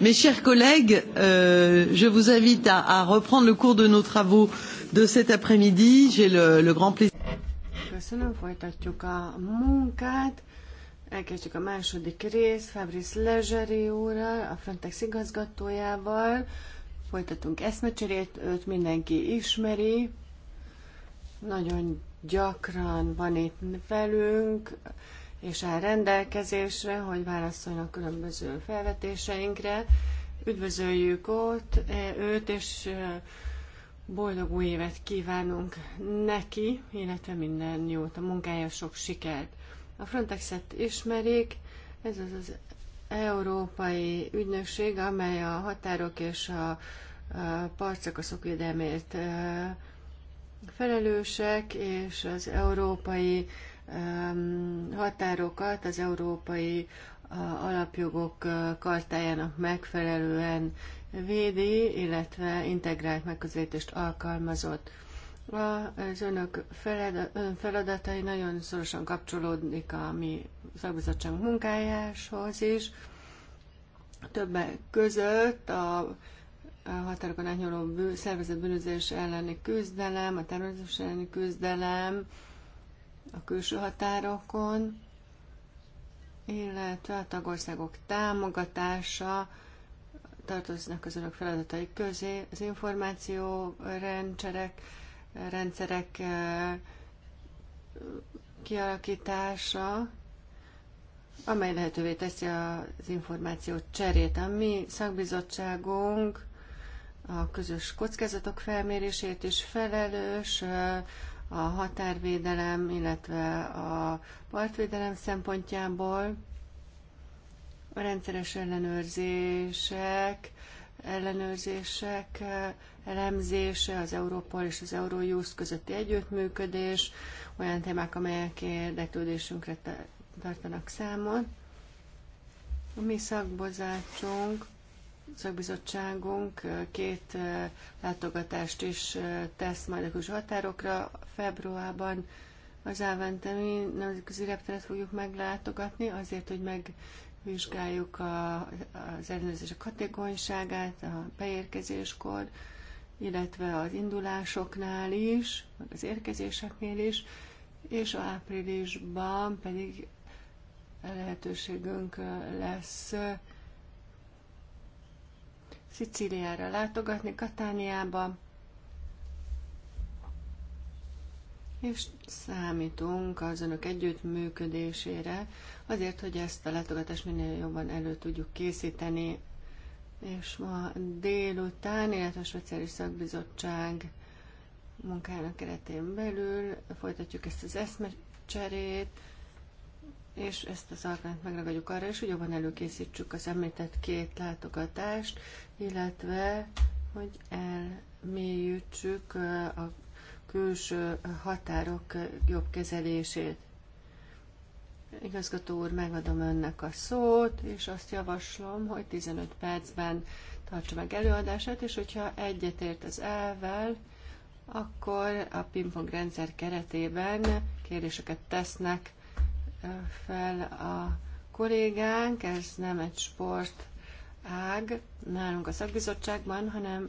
Mes chers collègues, euh, je vous invite à, à reprendre le cours de nos travaux de cet après-midi. J'ai le, le grand plaisir. Elkezdjük a második részt Fabrice Lezseri úrral, a Frontex igazgatójával. Folytatunk eszmecserét, őt mindenki ismeri. Nagyon gyakran van itt velünk és áll rendelkezésre, hogy a különböző felvetéseinkre. Üdvözöljük ott, e, őt, és e, boldog új évet kívánunk neki, illetve minden jót, a munkája sok sikert. A Frontexet ismerik, ez az az európai ügynökség, amely a határok és a partszakaszok védelmért e, felelősek, és az európai határokat az európai alapjogok kartájának megfelelően védi, illetve integrált megközelítést alkalmazott. Az önök feladatai nagyon szorosan kapcsolódik a mi szakbizottság munkájáshoz is. Többek között a határokon átnyúló szervezett bűnözés elleni küzdelem, a természetes elleni küzdelem, a külső határokon, illetve a tagországok támogatása tartoznak az önök feladatai közé, az információ rendszerek, rendszerek eh, kialakítása, amely lehetővé teszi az információ cserét. A mi szakbizottságunk a közös kockázatok felmérését is felelős, eh, a határvédelem, illetve a partvédelem szempontjából a rendszeres ellenőrzések, ellenőrzések elemzése, az Európol és az Eurojust közötti együttműködés, olyan témák, amelyek érdeklődésünkre tartanak számon. A mi szakbozácsunk szakbizottságunk két látogatást is tesz majd a külső határokra. Februárban az Áventemi nemzetközi repteret fogjuk meglátogatni, azért, hogy megvizsgáljuk a, az ellenőrzések hatékonyságát a beérkezéskor, illetve az indulásoknál is, meg az érkezéseknél is, és áprilisban pedig lehetőségünk lesz Szicíliára látogatni, Katániába, és számítunk az önök együttműködésére, azért, hogy ezt a látogatást minél jobban elő tudjuk készíteni, és ma délután, illetve a Speciális Szakbizottság munkának keretén belül folytatjuk ezt az eszmecserét, és ezt az alkalmat megragadjuk arra is, hogy jobban előkészítsük az említett két látogatást, illetve hogy elmélyítsük a külső határok jobb kezelését. Igazgató úr, megadom önnek a szót, és azt javaslom, hogy 15 percben tartsa meg előadását, és hogyha egyetért az elvel, akkor a pingpong rendszer keretében kérdéseket tesznek fel a kollégánk, ez nem egy sport ág nálunk a szakbizottságban, hanem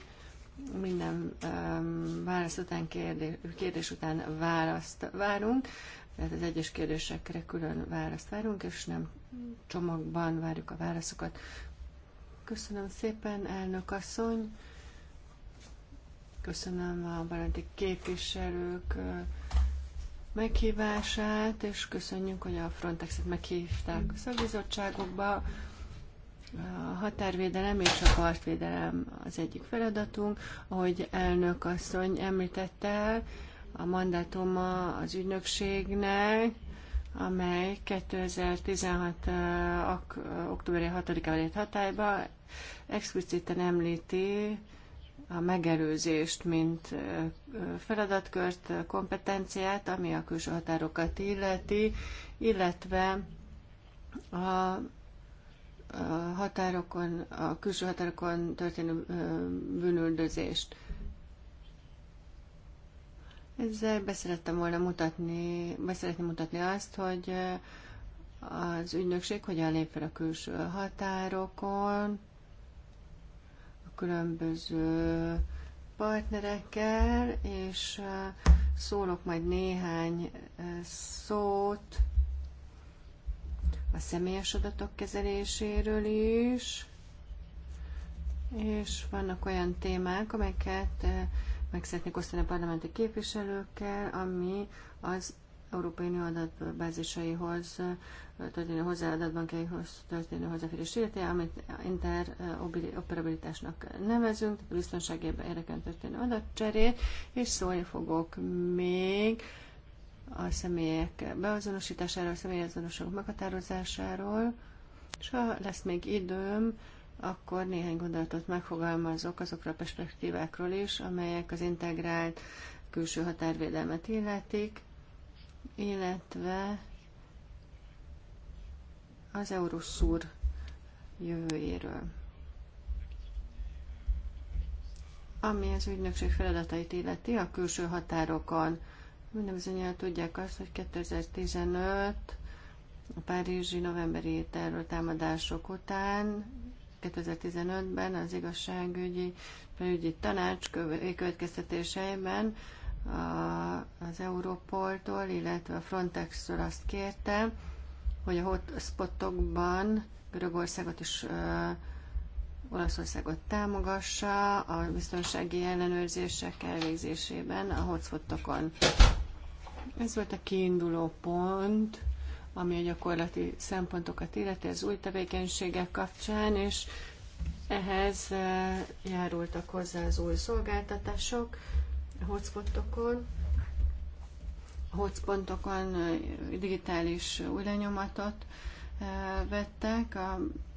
minden um, válasz után kérdés, kérdés után választ várunk, tehát az egyes kérdésekre külön választ várunk, és nem csomagban várjuk a válaszokat. Köszönöm szépen, elnök asszony! Köszönöm a baráti képviselők meghívását, és köszönjük, hogy a Frontexet meghívták a szakbizottságokba. A határvédelem és a partvédelem az egyik feladatunk. Ahogy elnök asszony említette, a mandátuma az ügynökségnek, amely 2016. október 6-án lett hatályba, expliciten említi a megelőzést, mint feladatkört, kompetenciát, ami a külső határokat illeti, illetve a határokon, a külső határokon történő bűnüldözést. Ezzel beszerettem volna mutatni, beszeretném mutatni azt, hogy az ügynökség hogyan lép fel a külső határokon, különböző partnerekkel, és szólok majd néhány szót a személyes adatok kezeléséről is, és vannak olyan témák, amelyeket meg szeretnék osztani a parlamenti képviselőkkel, ami az Európai Unió adatbázisaihoz történő hozzáadatbankjaihoz történő hozzáférés illeti, amit interoperabilitásnak nevezünk, tehát biztonságében éreken történő adatcserét, és szólni fogok még a személyek beazonosításáról, a személyazonosok meghatározásáról, és ha lesz még időm, akkor néhány gondolatot megfogalmazok azokra a perspektívákról is, amelyek az integrált külső határvédelmet illetik, illetve az Euroszúr jövőjéről. Ami az ügynökség feladatait illeti a külső határokon, minden bizonyára tudják azt, hogy 2015 a párizsi novemberi terror támadások után 2015-ben az igazságügyi felügyi tanács következtetéseiben az Europoltól, illetve a Frontex-től azt kérte, hogy a hotspotokban Görögországot és Olaszországot támogassa a biztonsági ellenőrzések elvégzésében a hotspotokon. Ez volt a kiinduló pont, ami a gyakorlati szempontokat illeti az új tevékenységek kapcsán, és ehhez járultak hozzá az új szolgáltatások, hotspotokon, hotspotokon digitális újlenyomatot vettek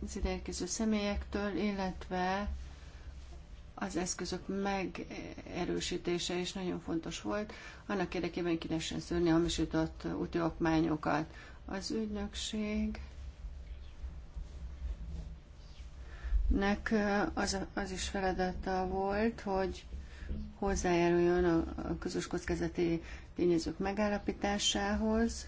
az ideérkező személyektől, illetve az eszközök megerősítése is nagyon fontos volt, annak érdekében ki lehessen szűrni hamisított úti okmányokat. Az ügynökség nek az, az is feladata volt, hogy hozzájáruljon a közös kockázati tényezők megállapításához,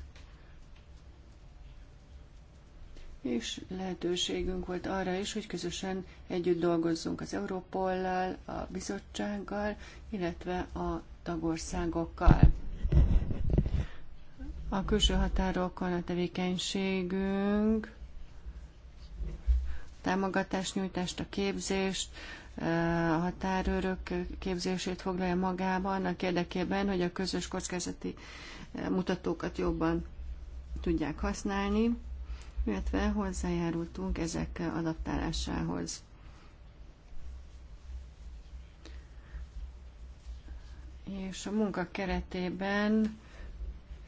és lehetőségünk volt arra is, hogy közösen együtt dolgozzunk az Európollal, a bizottsággal, illetve a tagországokkal. A külső határokon a tevékenységünk, nyújtást, a képzést, a határőrök képzését foglalja magában, annak érdekében, hogy a közös kockázati mutatókat jobban tudják használni, illetve hozzájárultunk ezek adaptálásához. És a munka keretében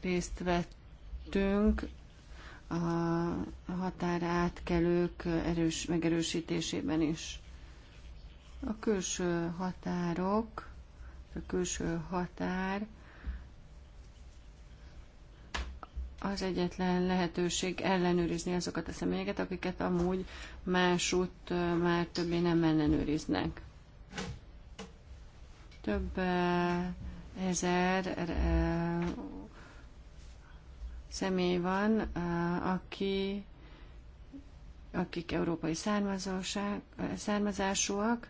részt vettünk a határátkelők erős, megerősítésében is. A külső határok, a külső határ az egyetlen lehetőség ellenőrizni azokat a személyeket, akiket amúgy másút már többé nem ellenőriznek. Több ezer személy van, aki, akik európai származásúak,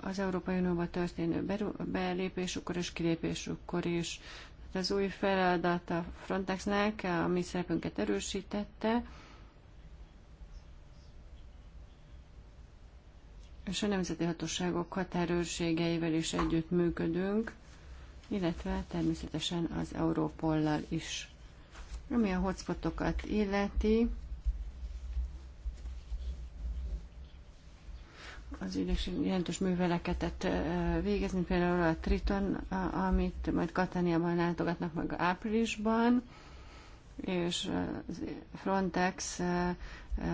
az Európai Unióba történő belépésükkor és kilépésükkor is. Tehát az új feladat a Frontexnek a mi szerepünket erősítette, és a nemzeti hatóságok határőrségeivel is együtt működünk, illetve természetesen az Európollal is. Ami a hotspotokat illeti, az ügynökség jelentős műveleketet eh, végezni, például a Triton, amit majd Katániában látogatnak meg áprilisban, és eh, Frontex eh,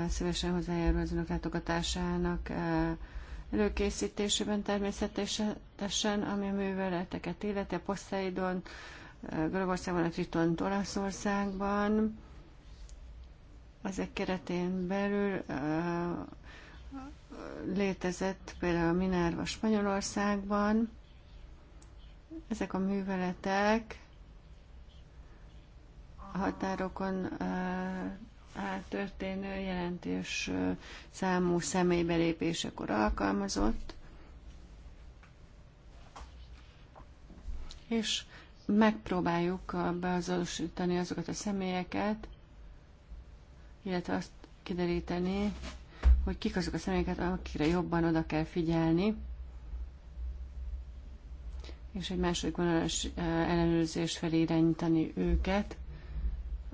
szívesen hozzájárul az önök látogatásának előkészítésében természetesen, ami a műveleteket illeti, a Poseidon, Görögországban, a Triton, Olaszországban. Ezek keretén belül létezett például a Minerva Spanyolországban. Ezek a műveletek a határokon áttörténő jelentős számú személybelépésekor alkalmazott, és megpróbáljuk beazonosítani azokat a személyeket, illetve azt kideríteni, hogy kik azok a személyeket, akikre jobban oda kell figyelni, és egy második vonalas eh, ellenőrzés felé irányítani őket,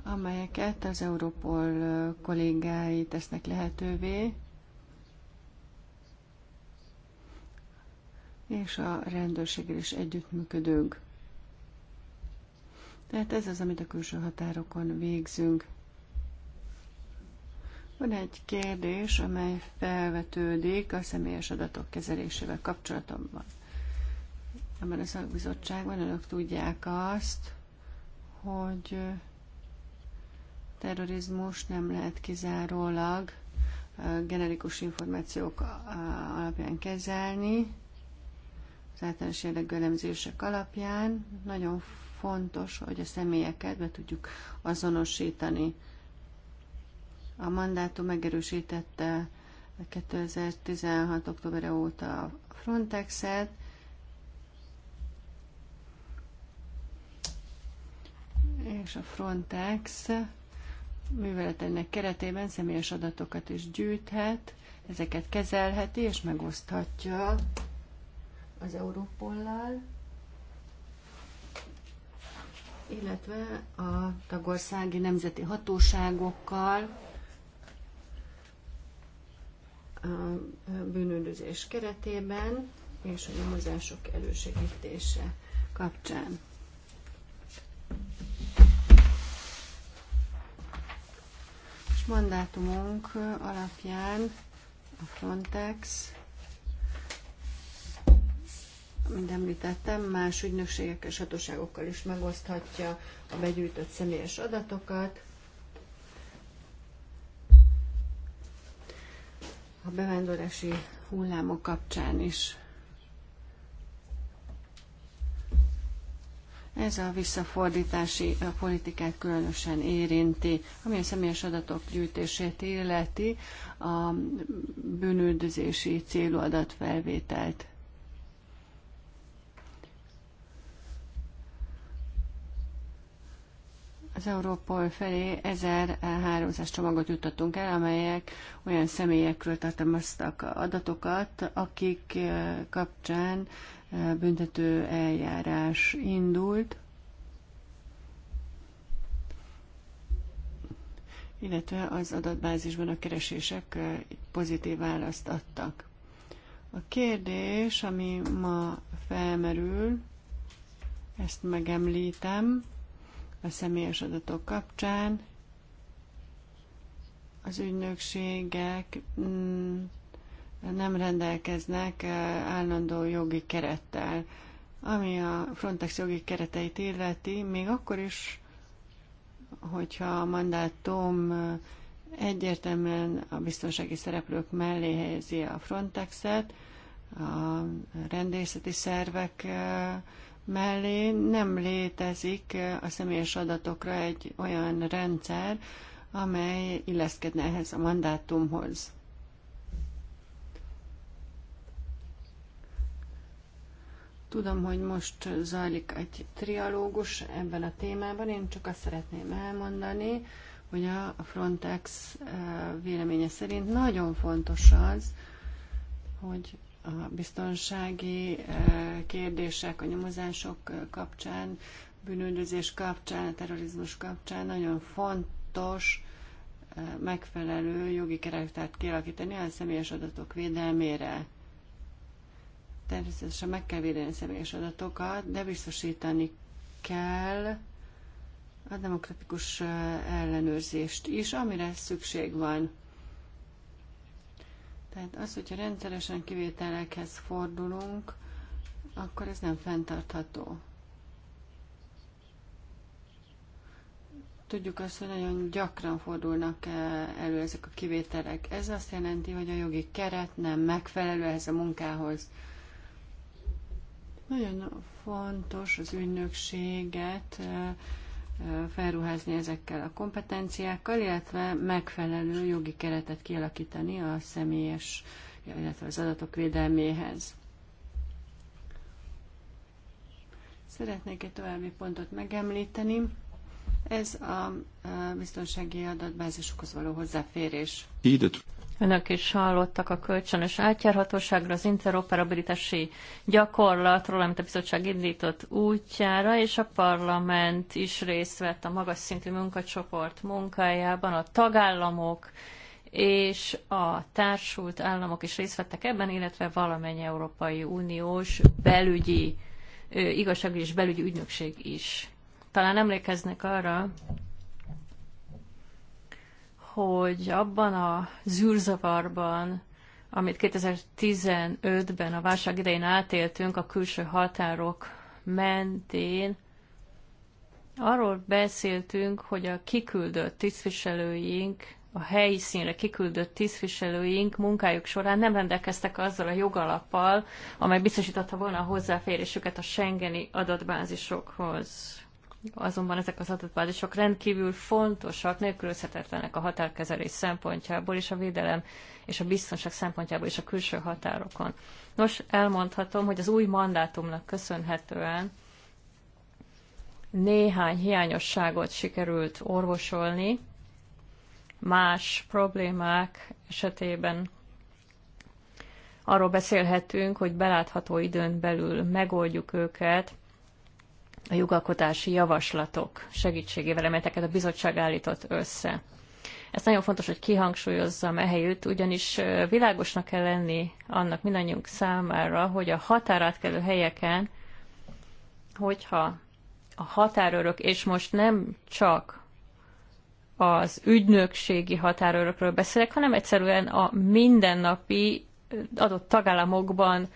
amelyeket az Európol eh, kollégái tesznek lehetővé, és a rendőrséggel is együttműködünk. Tehát ez az, amit a külső határokon végzünk. Van egy kérdés, amely felvetődik a személyes adatok kezelésével kapcsolatban. Ebben a szakbizottságban önök tudják azt, hogy terrorizmus nem lehet kizárólag generikus információk alapján kezelni, az általános jellegű elemzések alapján. Nagyon fontos, hogy a személyeket be tudjuk azonosítani. A mandátum megerősítette 2016. október óta a Frontexet, és a Frontex műveletének keretében személyes adatokat is gyűjthet, ezeket kezelheti és megoszthatja az Európollal, illetve a tagországi nemzeti hatóságokkal, bűnöldözés keretében és a nyomozások elősegítése kapcsán. És mandátumunk alapján a Frontex, mint említettem, más ügynökségekkel és hatóságokkal is megoszthatja a begyűjtött személyes adatokat, a bevándorlási hullámok kapcsán is. Ez a visszafordítási politikát különösen érinti, ami a személyes adatok gyűjtését illeti, a bűnüldözési célú adatfelvételt. az Európol felé 1300 csomagot juttattunk el, amelyek olyan személyekről tartalmaztak adatokat, akik kapcsán büntető eljárás indult, illetve az adatbázisban a keresések pozitív választ adtak. A kérdés, ami ma felmerül, ezt megemlítem, a személyes adatok kapcsán. Az ügynökségek mm, nem rendelkeznek eh, állandó jogi kerettel. Ami a Frontex jogi kereteit illeti, még akkor is, hogyha a mandátum eh, egyértelműen a biztonsági szereplők mellé helyezi a Frontexet, a rendészeti szervek eh, mellé nem létezik a személyes adatokra egy olyan rendszer, amely illeszkedne ehhez a mandátumhoz. Tudom, hogy most zajlik egy trialógus ebben a témában, én csak azt szeretném elmondani, hogy a Frontex eh, véleménye szerint nagyon fontos az, hogy a biztonsági eh, kérdések, a nyomozások kapcsán, bűnöldözés kapcsán, a terrorizmus kapcsán nagyon fontos eh, megfelelő jogi keretet kialakítani a személyes adatok védelmére. Természetesen meg kell védeni a személyes adatokat, de biztosítani kell a demokratikus eh, ellenőrzést is, amire szükség van. Tehát az, hogyha rendszeresen kivételekhez fordulunk, akkor ez nem fenntartható. Tudjuk azt, hogy nagyon gyakran fordulnak eh, elő ezek a kivételek. Ez azt jelenti, hogy a jogi keret nem megfelelő ehhez a munkához. Nagyon fontos az ügynökséget eh, felruházni ezekkel a kompetenciákkal, illetve megfelelő jogi keretet kialakítani a személyes, illetve az adatok védelméhez. Szeretnék egy további pontot megemlíteni. Ez a biztonsági adatbázisokhoz való hozzáférés. de. Önök is hallottak a kölcsönös átjárhatóságra, az interoperabilitási gyakorlatról, amit a bizottság indított útjára, és a parlament is részt vett a magas szintű munkacsoport munkájában, a tagállamok és a társult államok is részt vettek ebben, illetve valamennyi Európai Uniós belügyi, igazságügyi és belügyi ügynökség is. Talán emlékeznek arra, hogy abban a zűrzavarban, amit 2015-ben a válság idején átéltünk a külső határok mentén, arról beszéltünk, hogy a kiküldött tisztviselőink, a helyszínre kiküldött tisztviselőink munkájuk során nem rendelkeztek azzal a jogalappal, amely biztosította volna a hozzáférésüket a Schengeni adatbázisokhoz azonban ezek az adatbázisok rendkívül fontosak, nélkülözhetetlenek a határkezelés szempontjából és a védelem és a biztonság szempontjából és a külső határokon. Nos, elmondhatom, hogy az új mandátumnak köszönhetően néhány hiányosságot sikerült orvosolni, más problémák esetében arról beszélhetünk, hogy belátható időn belül megoldjuk őket, a jogalkotási javaslatok segítségével, amelyeket a bizottság állított össze. Ezt nagyon fontos, hogy kihangsúlyozzam ehelyütt, ugyanis világosnak kell lenni annak mindannyiunk számára, hogy a határátkelő helyeken, hogyha a határőrök, és most nem csak az ügynökségi határőrökről beszélek, hanem egyszerűen a mindennapi adott tagállamokban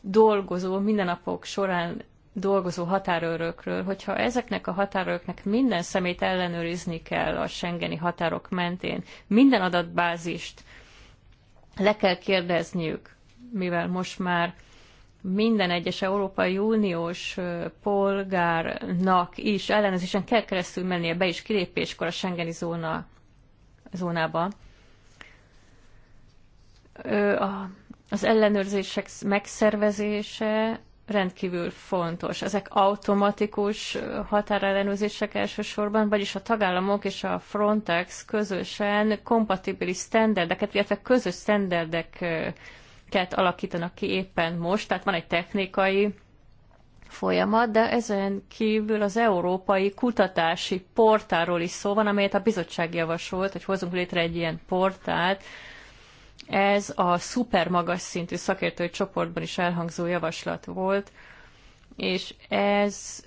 dolgozó mindennapok során dolgozó határőrökről, hogyha ezeknek a határőröknek minden szemét ellenőrizni kell a Schengeni határok mentén, minden adatbázist le kell kérdezniük, mivel most már minden egyes Európai Uniós polgárnak is ellenőrzésen kell keresztül mennie be is kilépéskor a Schengeni zóna, zónába. Az ellenőrzések megszervezése rendkívül fontos. Ezek automatikus határellenőrzések elsősorban, vagyis a tagállamok és a Frontex közösen kompatibilis standardeket, illetve közös standardeket alakítanak ki éppen most, tehát van egy technikai folyamat, de ezen kívül az európai kutatási portáról is szó van, amelyet a bizottság javasolt, hogy hozunk létre egy ilyen portált, ez a szuper magas szintű szakértői csoportban is elhangzó javaslat volt, és ez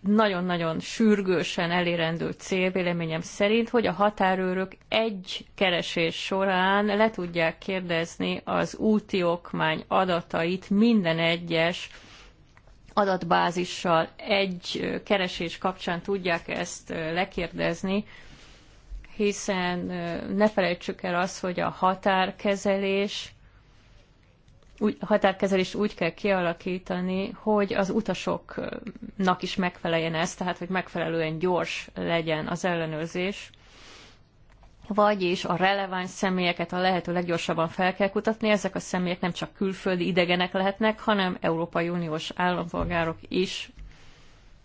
nagyon-nagyon sürgősen elérendő cél véleményem szerint, hogy a határőrök egy keresés során le tudják kérdezni az úti okmány adatait minden egyes adatbázissal egy keresés kapcsán tudják ezt lekérdezni, hiszen ne felejtsük el azt, hogy a határkezelés úgy, határkezelést úgy kell kialakítani, hogy az utasoknak is megfeleljen ez, tehát hogy megfelelően gyors legyen az ellenőrzés, vagyis a releváns személyeket a lehető leggyorsabban fel kell kutatni. Ezek a személyek nem csak külföldi idegenek lehetnek, hanem Európai Uniós állampolgárok is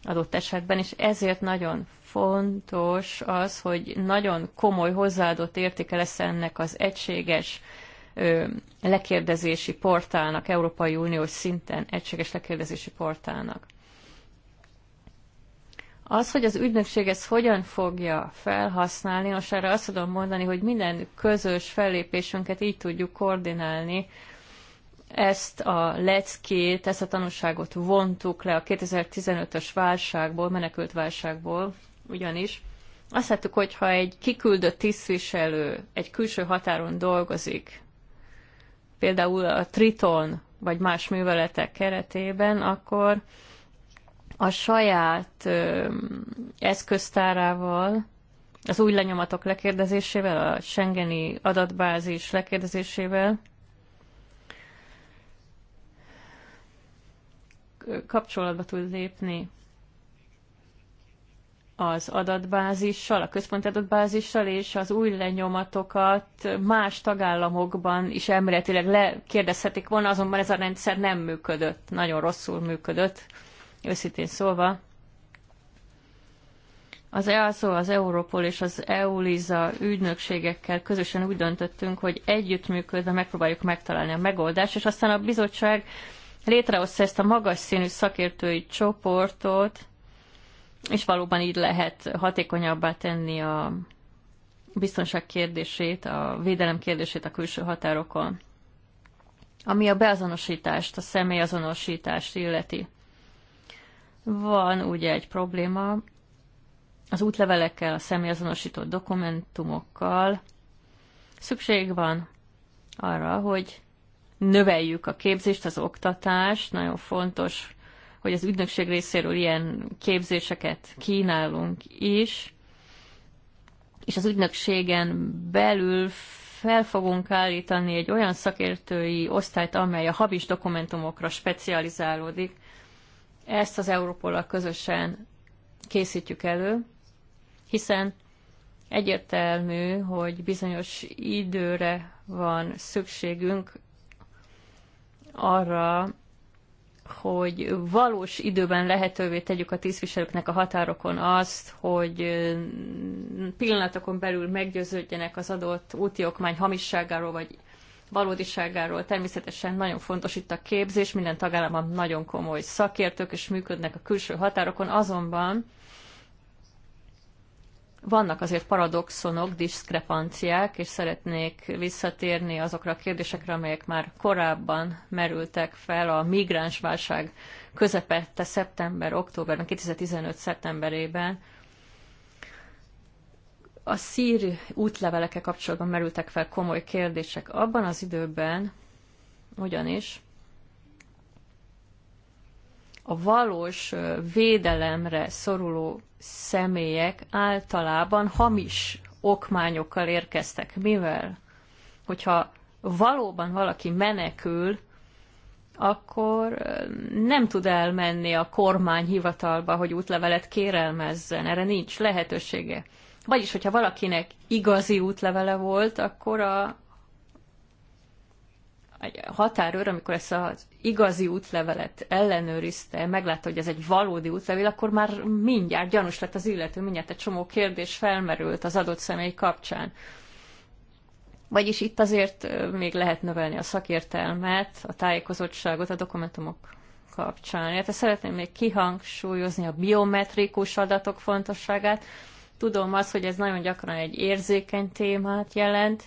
adott esetben, és ezért nagyon fontos az, hogy nagyon komoly hozzáadott értéke lesz ennek az egységes lekérdezési portálnak, Európai Uniós szinten egységes lekérdezési portálnak. Az, hogy az ügynökség ezt hogyan fogja felhasználni, most erre azt tudom mondani, hogy minden közös fellépésünket így tudjuk koordinálni. Ezt a leckét, ezt a tanulságot vontuk le a 2015-ös válságból, menekült válságból, ugyanis azt láttuk, hogy ha egy kiküldött tisztviselő egy külső határon dolgozik, például a Triton vagy más műveletek keretében, akkor a saját ö, eszköztárával, az új lenyomatok lekérdezésével, a Schengeni adatbázis lekérdezésével kapcsolatba tud lépni az adatbázissal, a központi adatbázissal, és az új lenyomatokat más tagállamokban is elméletileg lekérdezhetik volna, azonban ez a rendszer nem működött, nagyon rosszul működött, őszintén szólva. Az EASO, az Europol és az EULISA ügynökségekkel közösen úgy döntöttünk, hogy együttműködve megpróbáljuk megtalálni a megoldást, és aztán a bizottság létrehozta ezt a magas színű szakértői csoportot, és valóban így lehet hatékonyabbá tenni a biztonság kérdését, a védelem kérdését a külső határokon. Ami a beazonosítást, a személyazonosítást illeti. Van ugye egy probléma az útlevelekkel, a személyazonosított dokumentumokkal. Szükség van arra, hogy növeljük a képzést, az oktatást, nagyon fontos hogy az ügynökség részéről ilyen képzéseket kínálunk is, és az ügynökségen belül fel fogunk állítani egy olyan szakértői osztályt, amely a habis dokumentumokra specializálódik. Ezt az európol közösen készítjük elő, hiszen egyértelmű, hogy bizonyos időre van szükségünk arra, hogy valós időben lehetővé tegyük a tisztviselőknek a határokon azt, hogy pillanatokon belül meggyőződjenek az adott úti okmány hamisságáról vagy valódiságáról. Természetesen nagyon fontos itt a képzés, minden tagállamban nagyon komoly szakértők és működnek a külső határokon, azonban vannak azért paradoxonok, diszkrepanciák, és szeretnék visszatérni azokra a kérdésekre, amelyek már korábban merültek fel a migránsválság közepette szeptember-októberben, 2015. szeptemberében. A szír útlevelekkel kapcsolatban merültek fel komoly kérdések. Abban az időben ugyanis a valós védelemre szoruló személyek általában hamis okmányokkal érkeztek. Mivel? Hogyha valóban valaki menekül, akkor nem tud elmenni a kormány hivatalba, hogy útlevelet kérelmezzen. Erre nincs lehetősége. Vagyis, hogyha valakinek igazi útlevele volt, akkor a egy határőr, amikor ezt az igazi útlevelet ellenőrizte, meglátta, hogy ez egy valódi útlevél, akkor már mindjárt gyanús lett az illető, mindjárt egy csomó kérdés felmerült az adott személy kapcsán. Vagyis itt azért még lehet növelni a szakértelmet, a tájékozottságot a dokumentumok kapcsán. Hát szeretném még kihangsúlyozni a biometrikus adatok fontosságát. Tudom azt, hogy ez nagyon gyakran egy érzékeny témát jelent,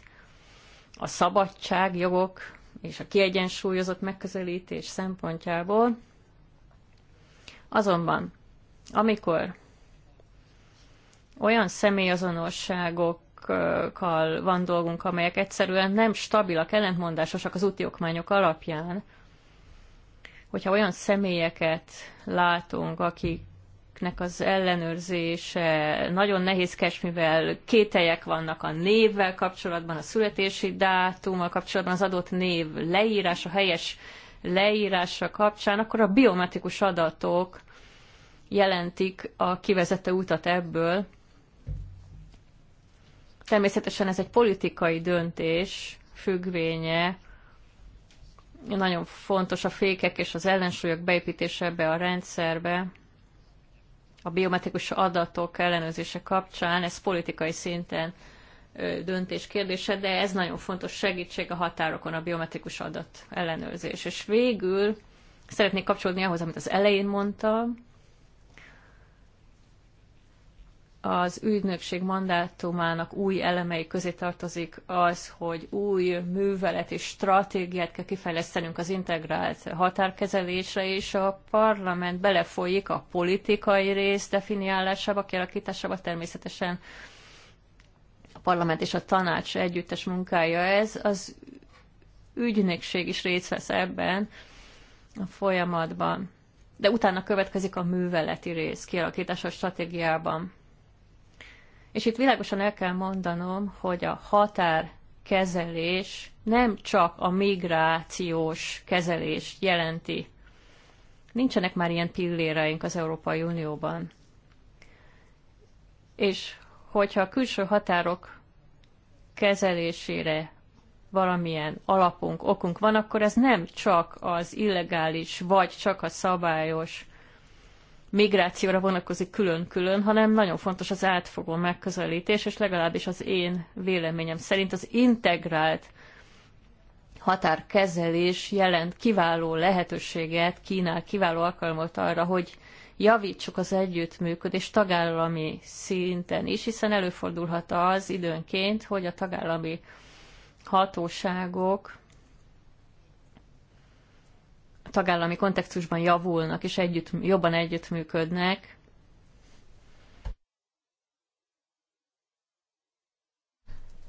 a szabadság, jogok és a kiegyensúlyozott megközelítés szempontjából. Azonban, amikor olyan személyazonosságokkal van dolgunk, amelyek egyszerűen nem stabilak, ellentmondásosak az úti okmányok alapján, hogyha olyan személyeket látunk, akik népnek az ellenőrzése nagyon nehézkes, mivel kételyek vannak a névvel kapcsolatban, a születési dátummal kapcsolatban, az adott név leírása, helyes leírása kapcsán, akkor a biometrikus adatok jelentik a kivezető utat ebből. Természetesen ez egy politikai döntés függvénye, nagyon fontos a fékek és az ellensúlyok beépítése ebbe a rendszerbe a biometrikus adatok ellenőrzése kapcsán, ez politikai szinten döntés kérdése, de ez nagyon fontos segítség a határokon a biometrikus adat ellenőrzés. És végül szeretnék kapcsolódni ahhoz, amit az elején mondtam, az ügynökség mandátumának új elemei közé tartozik az, hogy új művelet és stratégiát kell kifejlesztenünk az integrált határkezelésre, és a parlament belefolyik a politikai rész definiálásába, kialakításába természetesen a parlament és a tanács együttes munkája ez, az ügynökség is részt vesz ebben a folyamatban. De utána következik a műveleti rész kialakítása a stratégiában és itt világosan el kell mondanom, hogy a határkezelés nem csak a migrációs kezelés jelenti. Nincsenek már ilyen pilléreink az Európai Unióban. És hogyha a külső határok kezelésére valamilyen alapunk, okunk van, akkor ez nem csak az illegális, vagy csak a szabályos migrációra vonatkozik külön-külön, hanem nagyon fontos az átfogó megközelítés, és legalábbis az én véleményem szerint az integrált határkezelés jelent kiváló lehetőséget, kínál kiváló alkalmat arra, hogy javítsuk az együttműködés tagállami szinten is, hiszen előfordulhat az időnként, hogy a tagállami hatóságok tagállami kontextusban javulnak és együtt, jobban együttműködnek,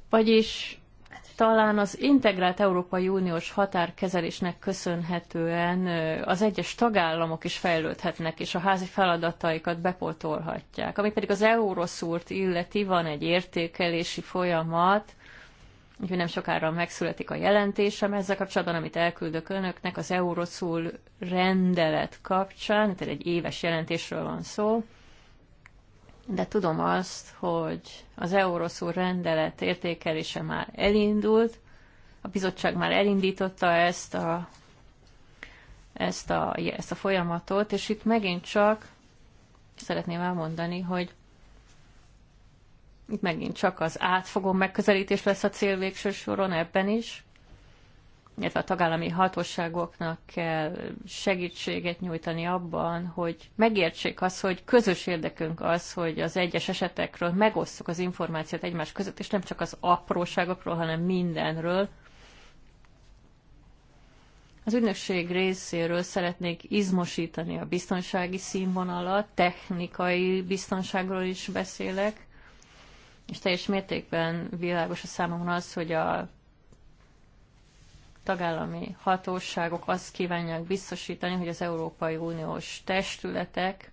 vagyis talán az integrált Európai Uniós határkezelésnek köszönhetően az egyes tagállamok is fejlődhetnek, és a házi feladataikat bepótolhatják. Ami pedig az Euroszúrt illeti, van egy értékelési folyamat, úgyhogy nem sokára megszületik a jelentésem ezzel kapcsolatban, amit elküldök önöknek az Euroszul rendelet kapcsán, tehát egy éves jelentésről van szó, de tudom azt, hogy az Euroszul rendelet értékelése már elindult, a bizottság már elindította ezt a, ezt a, ezt a folyamatot, és itt megint csak szeretném elmondani, hogy megint csak az átfogó megközelítés lesz a cél végső soron ebben is, illetve a tagállami hatóságoknak kell segítséget nyújtani abban, hogy megértsék azt, hogy közös érdekünk az, hogy az egyes esetekről megosszuk az információt egymás között, és nem csak az apróságokról, hanem mindenről. Az ügynökség részéről szeretnék izmosítani a biztonsági színvonalat, technikai biztonságról is beszélek, és teljes mértékben világos a számomra az, hogy a tagállami hatóságok azt kívánják biztosítani, hogy az Európai Uniós testületek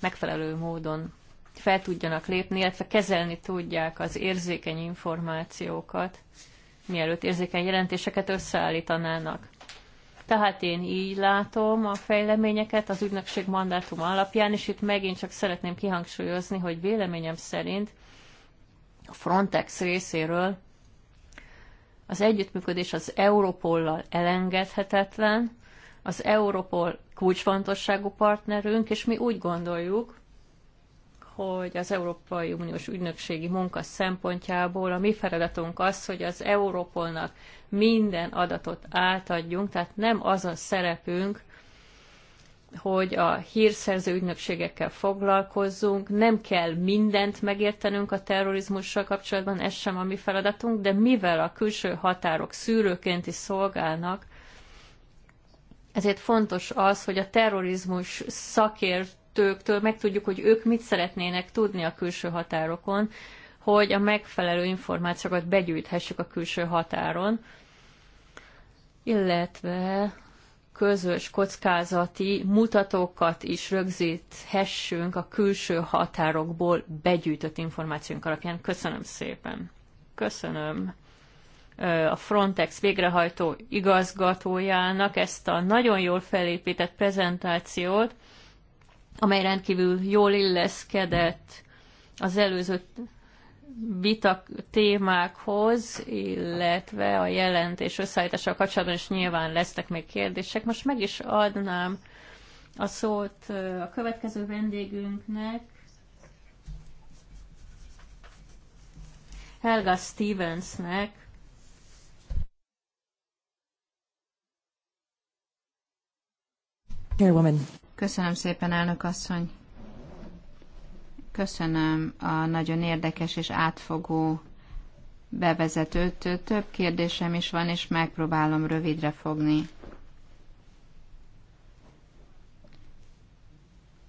megfelelő módon fel tudjanak lépni, illetve kezelni tudják az érzékeny információkat, mielőtt érzékeny jelentéseket összeállítanának. Tehát én így látom a fejleményeket az ügynökség mandátum alapján, és itt megint csak szeretném kihangsúlyozni, hogy véleményem szerint a Frontex részéről az együttműködés az Europollal elengedhetetlen, az Europol kulcsfontosságú partnerünk, és mi úgy gondoljuk, hogy az Európai Uniós Ügynökségi munka szempontjából a mi feladatunk az, hogy az Európolnak minden adatot átadjunk, tehát nem az a szerepünk, hogy a hírszerző ügynökségekkel foglalkozzunk, nem kell mindent megértenünk a terrorizmussal kapcsolatban, ez sem a mi feladatunk, de mivel a külső határok szűrőként is szolgálnak, ezért fontos az, hogy a terrorizmus szakértőktől megtudjuk, hogy ők mit szeretnének tudni a külső határokon, hogy a megfelelő információkat begyűjthessük a külső határon, illetve közös kockázati mutatókat is rögzíthessünk a külső határokból begyűjtött információink alapján. Köszönöm szépen. Köszönöm a Frontex végrehajtó igazgatójának ezt a nagyon jól felépített prezentációt, amely rendkívül jól illeszkedett az előző vita témákhoz, illetve a jelentés összeállítással kapcsolatban is nyilván lesznek még kérdések. Most meg is adnám a szót a következő vendégünknek, Helga Stevensnek, Köszönöm szépen, elnök asszony. Köszönöm a nagyon érdekes és átfogó bevezetőt. Több kérdésem is van, és megpróbálom rövidre fogni.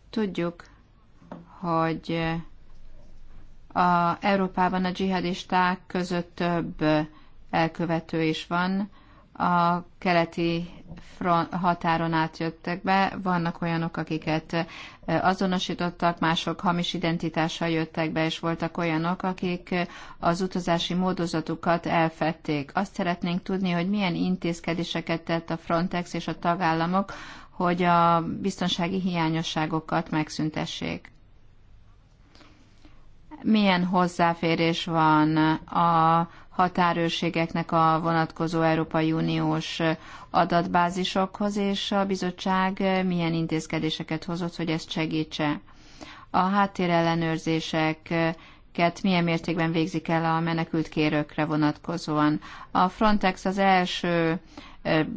Tudjuk, hogy a Európában a dzsihadisták között több elkövető is van, a keleti front, határon átjöttek be, vannak olyanok, akiket azonosítottak, mások hamis identitással jöttek be, és voltak olyanok, akik az utazási módozatukat elfették. Azt szeretnénk tudni, hogy milyen intézkedéseket tett a Frontex és a tagállamok, hogy a biztonsági hiányosságokat megszüntessék. Milyen hozzáférés van a határőrségeknek a vonatkozó Európai Uniós adatbázisokhoz, és a bizottság milyen intézkedéseket hozott, hogy ezt segítse. A háttérellenőrzéseket milyen mértékben végzik el a menekült kérőkre vonatkozóan. A Frontex az első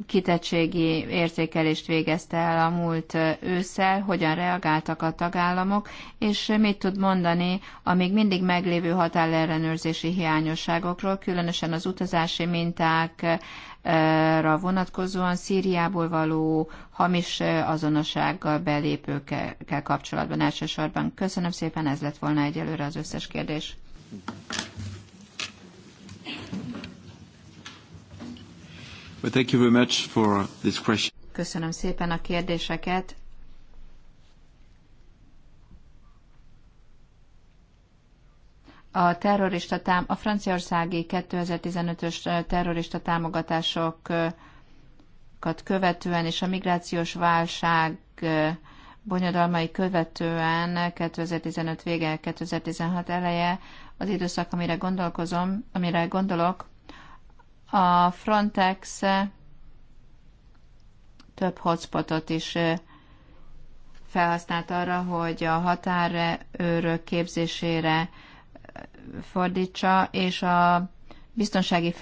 kitettségi értékelést végezte el a múlt ősszel, hogyan reagáltak a tagállamok, és mit tud mondani a még mindig meglévő határellenőrzési hiányosságokról, különösen az utazási mintákra vonatkozóan Szíriából való hamis azonossággal belépőkkel kapcsolatban elsősorban. Köszönöm szépen, ez lett volna egyelőre az összes kérdés thank you very much for this question. Köszönöm szépen a kérdéseket. A terrorista tám- a franciaországi 2015-ös terrorista támogatásokat követően és a migrációs válság bonyodalmai követően 2015 vége, 2016 eleje az időszak, amire gondolkozom, amire gondolok, a Frontex több hotspotot is felhasznált arra, hogy a határőrök képzésére fordítsa, és a biztonsági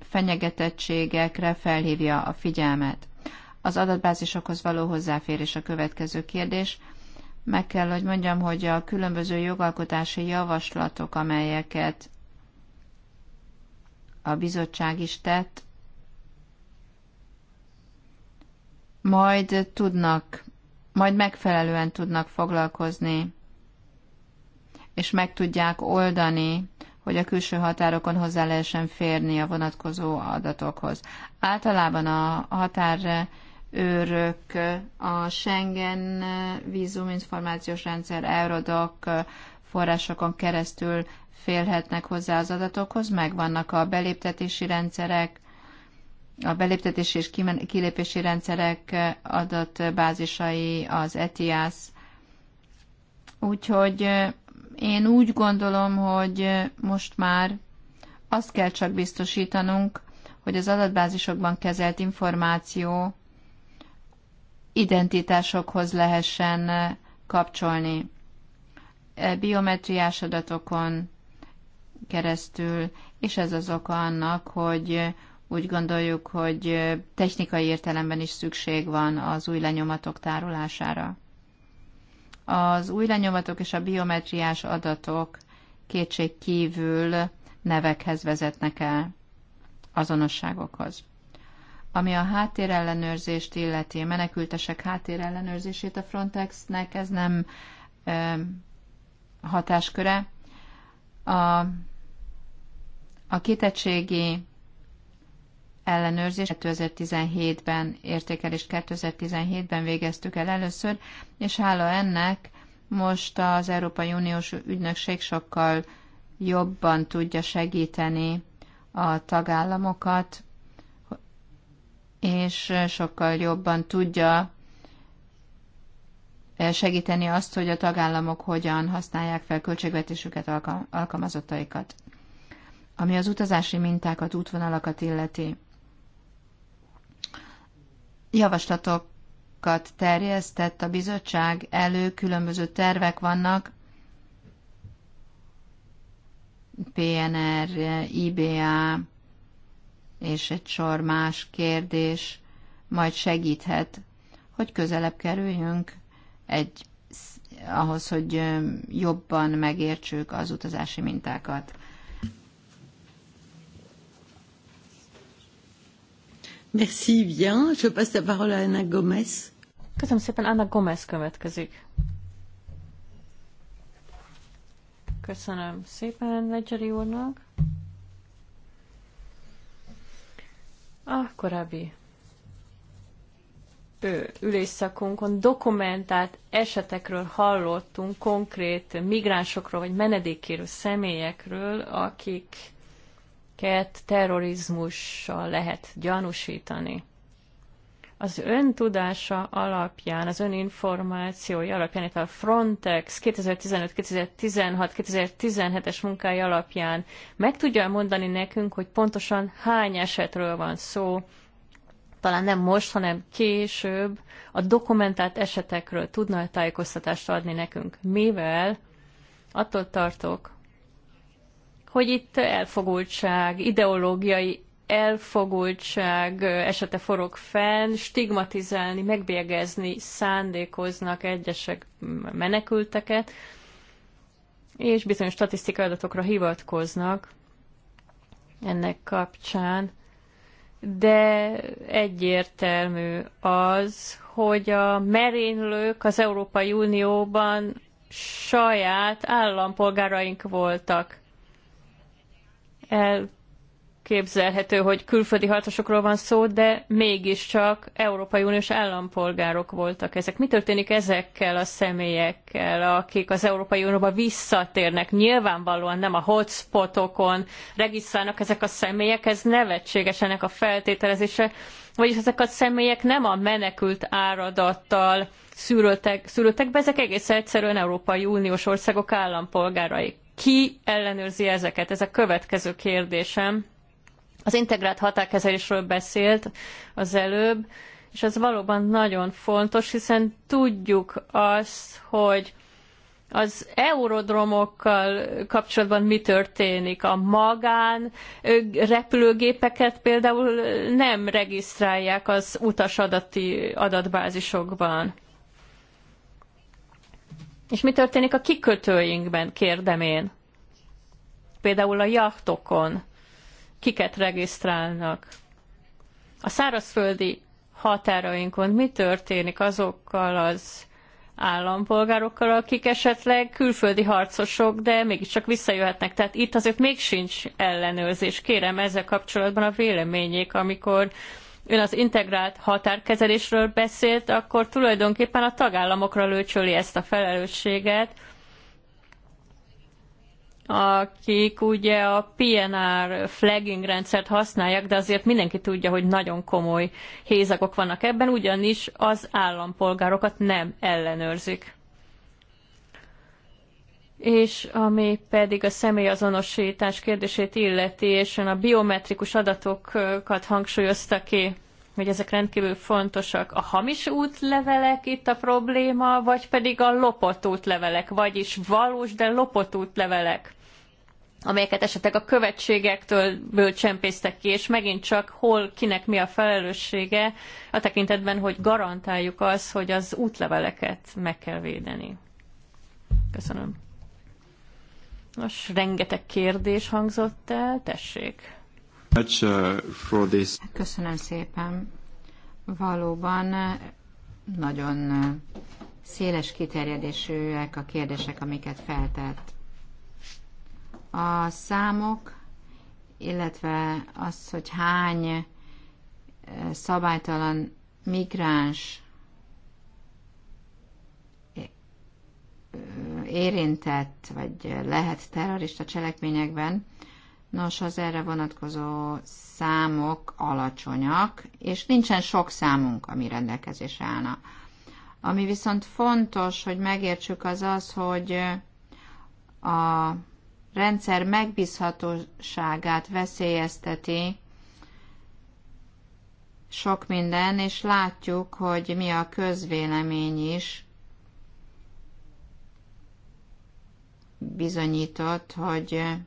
fenyegetettségekre felhívja a figyelmet. Az adatbázisokhoz való hozzáférés a következő kérdés. Meg kell, hogy mondjam, hogy a különböző jogalkotási javaslatok, amelyeket a bizottság is tett, majd tudnak, majd megfelelően tudnak foglalkozni, és meg tudják oldani, hogy a külső határokon hozzá lehessen férni a vonatkozó adatokhoz. Általában a határ őrök, a Schengen vízuminformációs rendszer, Eurodoc forrásokon keresztül férhetnek hozzá az adatokhoz, megvannak a beléptetési rendszerek, a beléptetési és kilépési rendszerek adatbázisai, az ETIAS. Úgyhogy én úgy gondolom, hogy most már azt kell csak biztosítanunk, hogy az adatbázisokban kezelt információ identitásokhoz lehessen kapcsolni. E, biometriás adatokon, keresztül, és ez az oka annak, hogy úgy gondoljuk, hogy technikai értelemben is szükség van az új lenyomatok tárolására. Az új lenyomatok és a biometriás adatok kétség kívül nevekhez vezetnek el, azonosságokhoz. Ami a háttérellenőrzést illeti, menekültesek háttérellenőrzését a Frontexnek, ez nem ö, hatásköre. A a kitettségi ellenőrzés 2017-ben, értékelést 2017-ben végeztük el először, és hála ennek most az Európai Uniós Ügynökség sokkal jobban tudja segíteni a tagállamokat, és sokkal jobban tudja eh, segíteni azt, hogy a tagállamok hogyan használják fel költségvetésüket, alkalmazottaikat ami az utazási mintákat, útvonalakat illeti. Javaslatokat terjesztett a bizottság elő, különböző tervek vannak, PNR, IBA és egy sor más kérdés majd segíthet, hogy közelebb kerüljünk egy ahhoz, hogy jobban megértsük az utazási mintákat. Merci bien. Je passe la parole à Anna Gomez. Köszönöm szépen, Anna Gomez következik. Köszönöm szépen Legyeri úrnak. A korábbi ülésszakunkon dokumentált esetekről hallottunk konkrét migránsokról vagy menedékkérő személyekről, akik akiket terrorizmussal lehet gyanúsítani. Az öntudása alapján, az ön alapján, itt a Frontex 2015, 2016, 2017-es munkája alapján meg tudja mondani nekünk, hogy pontosan hány esetről van szó, talán nem most, hanem később a dokumentált esetekről tudna tájékoztatást adni nekünk, mivel attól tartok, hogy itt elfogultság, ideológiai elfogultság esete forog fenn, stigmatizálni, megbélyegezni szándékoznak egyesek menekülteket, és bizonyos statisztikai adatokra hivatkoznak ennek kapcsán. De egyértelmű az, hogy a merénylők az Európai Unióban saját állampolgáraink voltak elképzelhető, hogy külföldi harcosokról van szó, de mégiscsak Európai Uniós állampolgárok voltak ezek. Mi történik ezekkel a személyekkel, akik az Európai Unióba visszatérnek? Nyilvánvalóan nem a hotspotokon regisztrálnak ezek a személyek, ez nevetséges ennek a feltételezése vagyis ezek a személyek nem a menekült áradattal szűrültek, szűrültek be, ezek egész egyszerűen Európai Uniós országok állampolgárai ki ellenőrzi ezeket? Ez a következő kérdésem. Az integrált határkezelésről beszélt az előbb, és ez valóban nagyon fontos, hiszen tudjuk azt, hogy az eurodromokkal kapcsolatban mi történik? A magán repülőgépeket például nem regisztrálják az utasadati adatbázisokban. És mi történik a kikötőinkben, kérdem én? Például a jachtokon kiket regisztrálnak? A szárazföldi határainkon mi történik azokkal az állampolgárokkal, akik esetleg külföldi harcosok, de mégiscsak visszajöhetnek. Tehát itt azért még sincs ellenőrzés. Kérem ezzel kapcsolatban a véleményék, amikor ön az integrált határkezelésről beszélt, akkor tulajdonképpen a tagállamokra lőcsöli ezt a felelősséget, akik ugye a PNR flagging rendszert használják, de azért mindenki tudja, hogy nagyon komoly hézagok vannak ebben, ugyanis az állampolgárokat nem ellenőrzik és ami pedig a személyazonosítás kérdését illeti, és a biometrikus adatokat hangsúlyozta ki, hogy ezek rendkívül fontosak. A hamis útlevelek itt a probléma, vagy pedig a lopott útlevelek, vagyis valós, de lopott útlevelek amelyeket esetleg a követségektől ből csempésztek ki, és megint csak hol, kinek mi a felelőssége a tekintetben, hogy garantáljuk az, hogy az útleveleket meg kell védeni. Köszönöm. Nos, rengeteg kérdés hangzott el, tessék. Uh, Köszönöm szépen. Valóban uh, nagyon uh, széles kiterjedésűek a kérdések, amiket feltett. A számok, illetve az, hogy hány szabálytalan migráns érintett, vagy lehet terrorista cselekményekben, nos, az erre vonatkozó számok alacsonyak, és nincsen sok számunk, ami rendelkezésre állna. Ami viszont fontos, hogy megértsük, az az, hogy a rendszer megbízhatóságát veszélyezteti sok minden, és látjuk, hogy mi a közvélemény is bizonyított, hogy eh,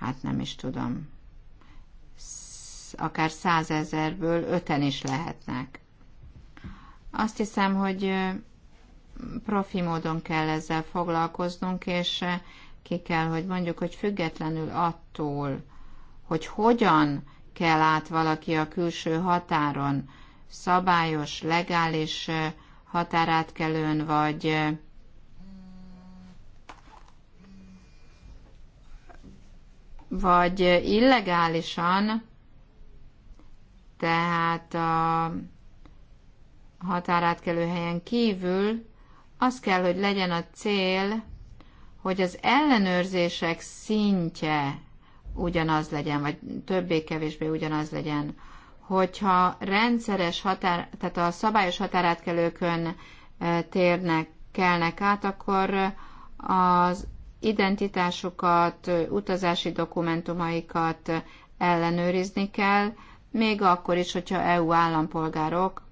hát nem is tudom, akár százezerből öten is lehetnek. Azt hiszem, hogy eh, profi módon kell ezzel foglalkoznunk, és eh, ki kell, hogy mondjuk, hogy függetlenül attól, hogy hogyan kell át valaki a külső határon, szabályos, legális határátkelőn, vagy vagy illegálisan, tehát a határátkelő helyen kívül, az kell, hogy legyen a cél, hogy az ellenőrzések szintje ugyanaz legyen, vagy többé-kevésbé ugyanaz legyen. Hogyha rendszeres határ, tehát a szabályos határátkelőkön eh, térnek, kelnek át, akkor az identitásukat, utazási dokumentumaikat ellenőrizni kell, még akkor is, hogyha EU állampolgárok,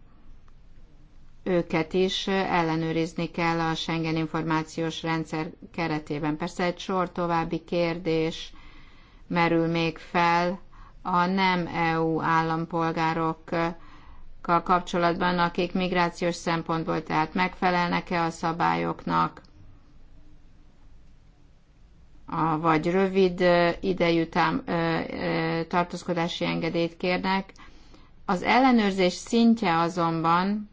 őket is ellenőrizni kell a Schengen információs rendszer keretében. Persze egy sor további kérdés merül még fel a nem EU állampolgárokkal kapcsolatban, akik migrációs szempontból tehát megfelelnek-e a szabályoknak, a, vagy rövid idejű tartózkodási engedélyt kérnek. Az ellenőrzés szintje azonban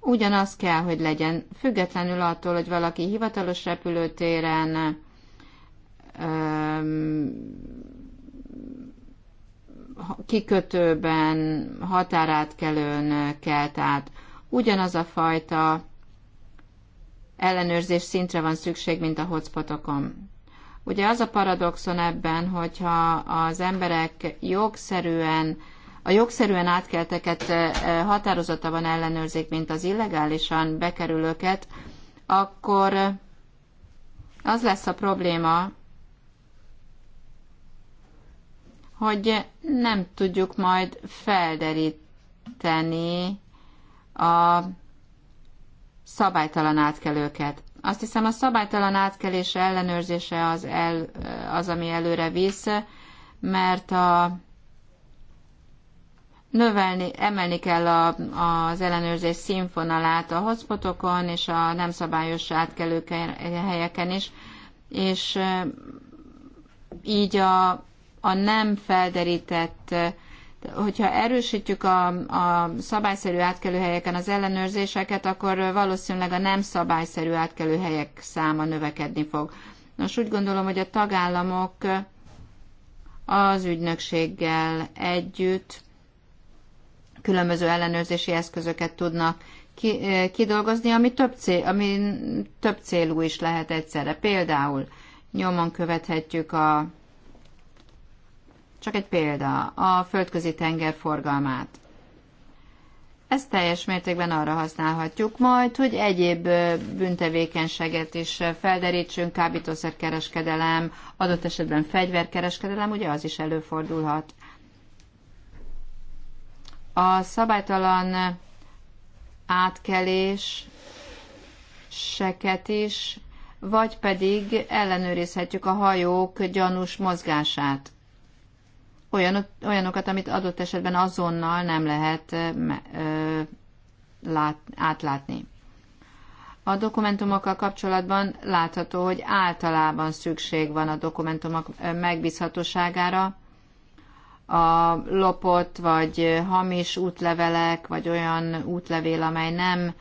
ugyanaz kell, hogy legyen, függetlenül attól, hogy valaki hivatalos repülőtéren kikötőben, határátkelőn kelt át. Ugyanaz a fajta ellenőrzés szintre van szükség, mint a hotspotokon. Ugye az a paradoxon ebben, hogyha az emberek jogszerűen, a jogszerűen átkelteket van e, ellenőrzik, mint az illegálisan bekerülőket, akkor az lesz a probléma, hogy nem tudjuk majd felderíteni a szabálytalan átkelőket. Azt hiszem a szabálytalan átkelése ellenőrzése az, el, az ami előre visz, mert a növelni, emelni kell a, az ellenőrzés színfonalát a hotspotokon és a nem szabályos átkelő helyeken is, és így a, a nem felderített hogyha erősítjük a, a szabályszerű átkelőhelyeken az ellenőrzéseket, akkor valószínűleg a nem szabályszerű átkelőhelyek száma növekedni fog. Nos, úgy gondolom, hogy a tagállamok az ügynökséggel együtt különböző ellenőrzési eszközöket tudnak ki, eh, kidolgozni, ami több, cél, ami több célú is lehet egyszerre. Például nyomon követhetjük a csak egy példa, a földközi tenger forgalmát. Ezt teljes mértékben arra használhatjuk majd, hogy egyéb bűntevékenységet is felderítsünk, kábítószerkereskedelem, adott esetben fegyverkereskedelem, ugye az is előfordulhat. A szabálytalan átkelés seket is, vagy pedig ellenőrizhetjük a hajók gyanús mozgását olyan, olyanokat, amit adott esetben azonnal nem lehet ö, lát, átlátni. A dokumentumokkal kapcsolatban látható, hogy általában szükség van a dokumentumok megbízhatóságára. A lopott vagy hamis útlevelek, vagy olyan útlevél, amely nem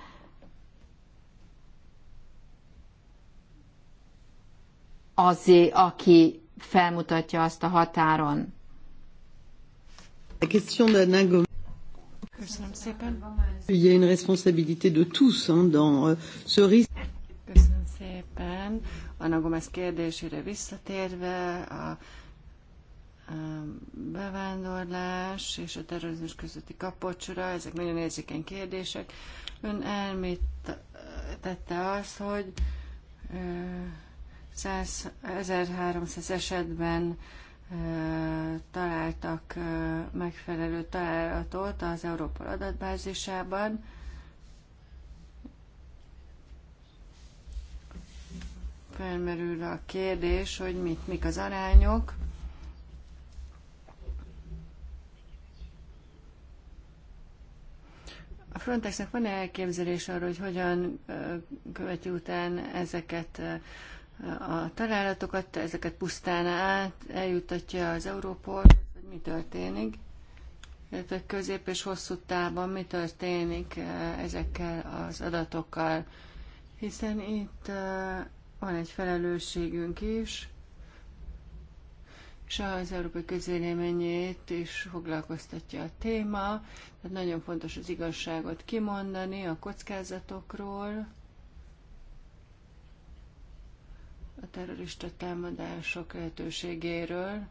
azé, aki felmutatja azt a határon, La question d'Anna Gomes. Köszönöm szépen. Il y a une responsabilité de tous hein, dans euh, ce risque. Köszönöm szépen. Anna Gomez kérdésére visszatérve, a, a bevándorlás és a terrorizmus közötti kapocsra, ezek nagyon érzékeny kérdések. Ön elmét tette az, hogy 100, 1300 esetben találtak megfelelő találatot az Európa adatbázisában. Felmerül a kérdés, hogy mit, mik az arányok. A Frontexnek van -e elképzelés arról, hogy hogyan követi után ezeket a találatokat, ezeket pusztán át eljutatja az Európol, hogy mi történik, illetve közép és hosszú távon mi történik eh, ezekkel az adatokkal, hiszen itt eh, van egy felelősségünk is, és az európai közéleményét is foglalkoztatja a téma, tehát nagyon fontos az igazságot kimondani a kockázatokról, a terrorista támadások lehetőségéről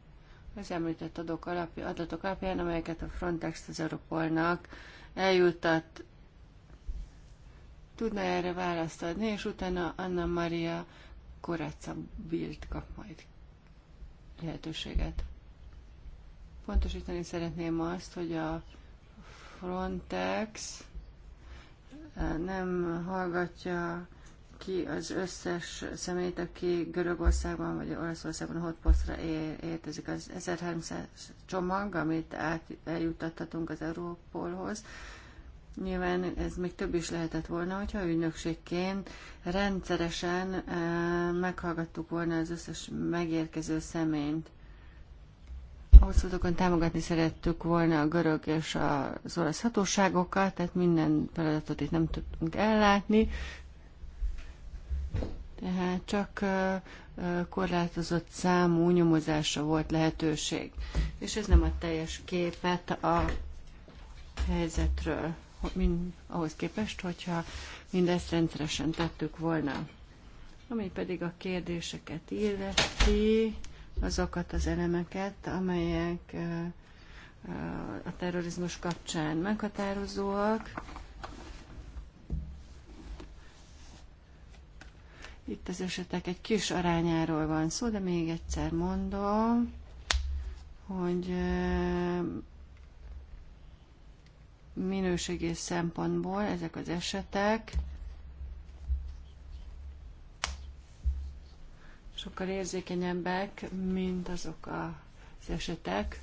az említett adok alapja, adatok alapján, amelyeket a Frontex az Europolnak eljutat, Tudna erre választ adni, és utána Anna Maria Koreca Bild kap majd lehetőséget. Pontosítani szeretném azt, hogy a Frontex eh, nem hallgatja ki az összes személyt, aki Görögországban vagy Olaszországban a hotpostra értezik Az 1300 csomag, amit át, eljuttattatunk az Európolhoz, Nyilván ez még több is lehetett volna, hogyha ügynökségként rendszeresen e, meghallgattuk volna az összes megérkező személyt. Hosszútokon támogatni szerettük volna a görög és az olasz hatóságokat, tehát minden feladatot itt nem tudtunk ellátni, tehát csak korlátozott számú nyomozása volt lehetőség. És ez nem a teljes képet a helyzetről, mind ahhoz képest, hogyha mindezt rendszeresen tettük volna. Ami pedig a kérdéseket illeti, azokat az elemeket, amelyek a terrorizmus kapcsán meghatározóak, Itt az esetek egy kis arányáról van szó, de még egyszer mondom, hogy minőségi szempontból ezek az esetek sokkal érzékenyebbek, mint azok az esetek,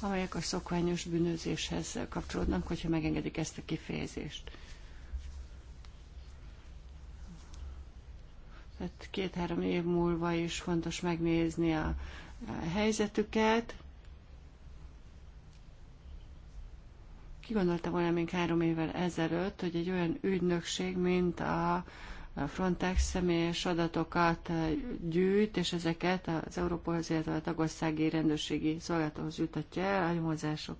amelyek a szokványos bűnözéshez kapcsolódnak, hogyha megengedik ezt a kifejezést. tehát két-három év múlva is fontos megnézni a helyzetüket. Ki gondolta volna még három évvel ezelőtt, hogy egy olyan ügynökség, mint a Frontex személyes adatokat gyűjt, és ezeket az európai illetve a tagországi rendőrségi szolgálathoz jutatja el a nyomozások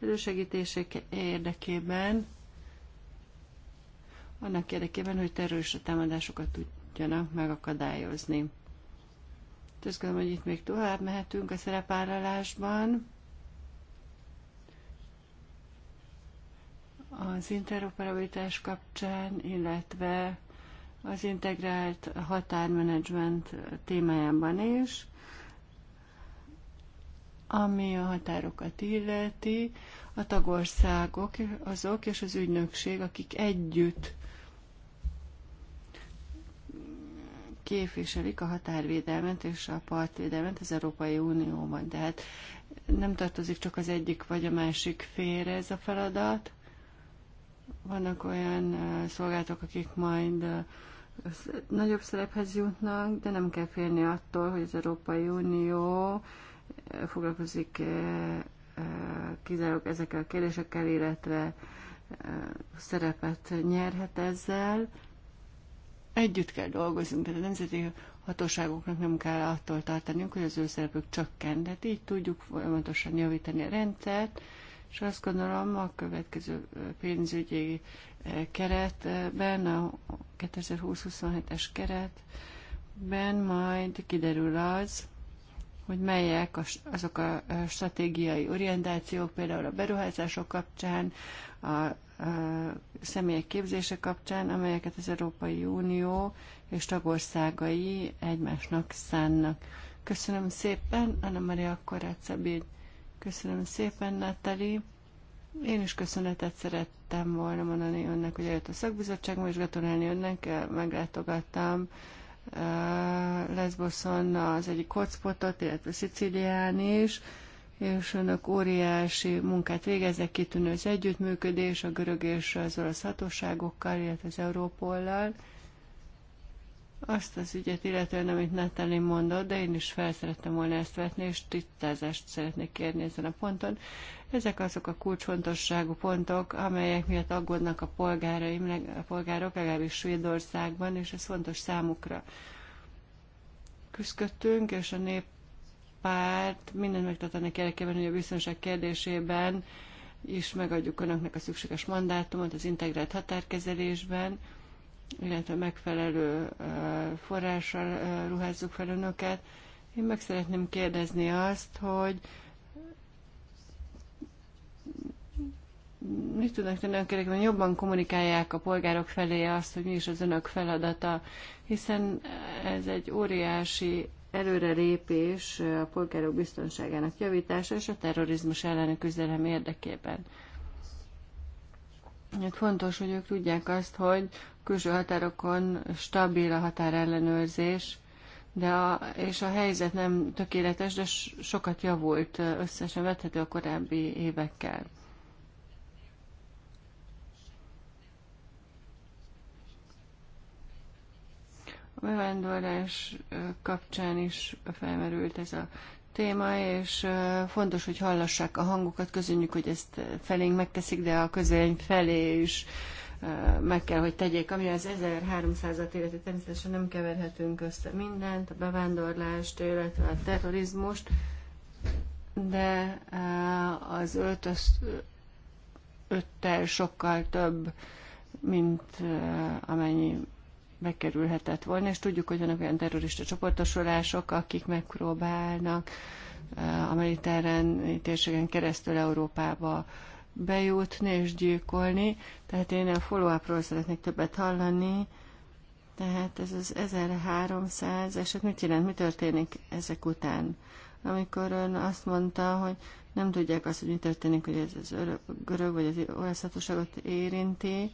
elősegítések érdekében, annak érdekében, hogy terrorista támadásokat tudjanak megakadályozni. Azt gondolom, hogy itt még tovább mehetünk a szerepállalásban. Az interoperabilitás kapcsán, illetve az integrált határmenedzsment témájában is, ami a határokat illeti, a tagországok azok és az ügynökség, akik együtt képviselik a határvédelmet és a partvédelmet az Európai Unióban. Tehát nem tartozik csak az egyik vagy a másik félre ez a feladat. Vannak olyan szolgáltatók, akik majd nagyobb szerephez jutnak, de nem kell félni attól, hogy az Európai Unió foglalkozik kizárólag ezekkel a kérdésekkel, illetve szerepet nyerhet ezzel. Együtt kell dolgozni, tehát a nemzeti hatóságoknak nem kell attól tartaniuk, hogy az ő szerepük csökkent, tehát így tudjuk folyamatosan javítani a rendszert, és azt gondolom a következő pénzügyi keretben, a 2020-27-es keretben majd kiderül az, hogy melyek azok a stratégiai orientációk, például a beruházások kapcsán, a személyek képzése kapcsán, amelyeket az Európai Unió és tagországai egymásnak szánnak. Köszönöm szépen, Anna Maria Koracabid. Köszönöm szépen, Natali. Én is köszönetet szerettem volna mondani önnek, hogy eljött a szakbizottság, most gratulálni önnek, eh, meglátogattam Eh, Lesboszon az egyik hotspotot, illetve Szicilián is, és önök óriási munkát végeznek, kitűnő az együttműködés a görög és az orosz hatóságokkal, illetve az Európollal azt az ügyet illetően, amit Natalin mondott, de én is felszerettem volna ezt vetni, és tisztázást szeretnék kérni ezen a ponton. Ezek azok a kulcsfontosságú pontok, amelyek miatt aggódnak a polgáraim, a polgárok, legalábbis Svédországban, és ez fontos számukra. Küzdöttünk, és a néppárt mindent megtett annak érdekében, hogy a biztonság kérdésében is megadjuk önöknek a szükséges mandátumot az integrált határkezelésben, illetve megfelelő forrással ruházzuk fel önöket. Én meg szeretném kérdezni azt, hogy mit tudnak tenni a kerekben, jobban kommunikálják a polgárok felé azt, hogy mi is az önök feladata, hiszen ez egy óriási előrelépés a polgárok biztonságának javítása és a terrorizmus elleni küzdelem érdekében. Hát fontos, hogy ők tudják azt, hogy külső határokon stabil a határellenőrzés, de a, és a helyzet nem tökéletes, de sokat javult összesen vethető a korábbi évekkel. A bevándorlás kapcsán is felmerült ez a téma, és fontos, hogy hallassák a hangokat. Köszönjük, hogy ezt felénk megteszik, de a közény felé is meg kell, hogy tegyék. Ami az 1300-at illeti, természetesen nem keverhetünk össze mindent, a bevándorlást, illetve a terrorizmust, de az öltöz, öttel sokkal több, mint amennyi bekerülhetett volna, és tudjuk, hogy vannak olyan terrorista csoportosulások, akik megpróbálnak a mediterrán térségen keresztül Európába bejutni és gyilkolni. Tehát én a follow-upról szeretnék többet hallani. Tehát ez az 1300 eset mit jelent, mi történik ezek után? Amikor ön azt mondta, hogy nem tudják azt, hogy mi történik, hogy ez az örök, görög vagy az olaszhatóságot érinti,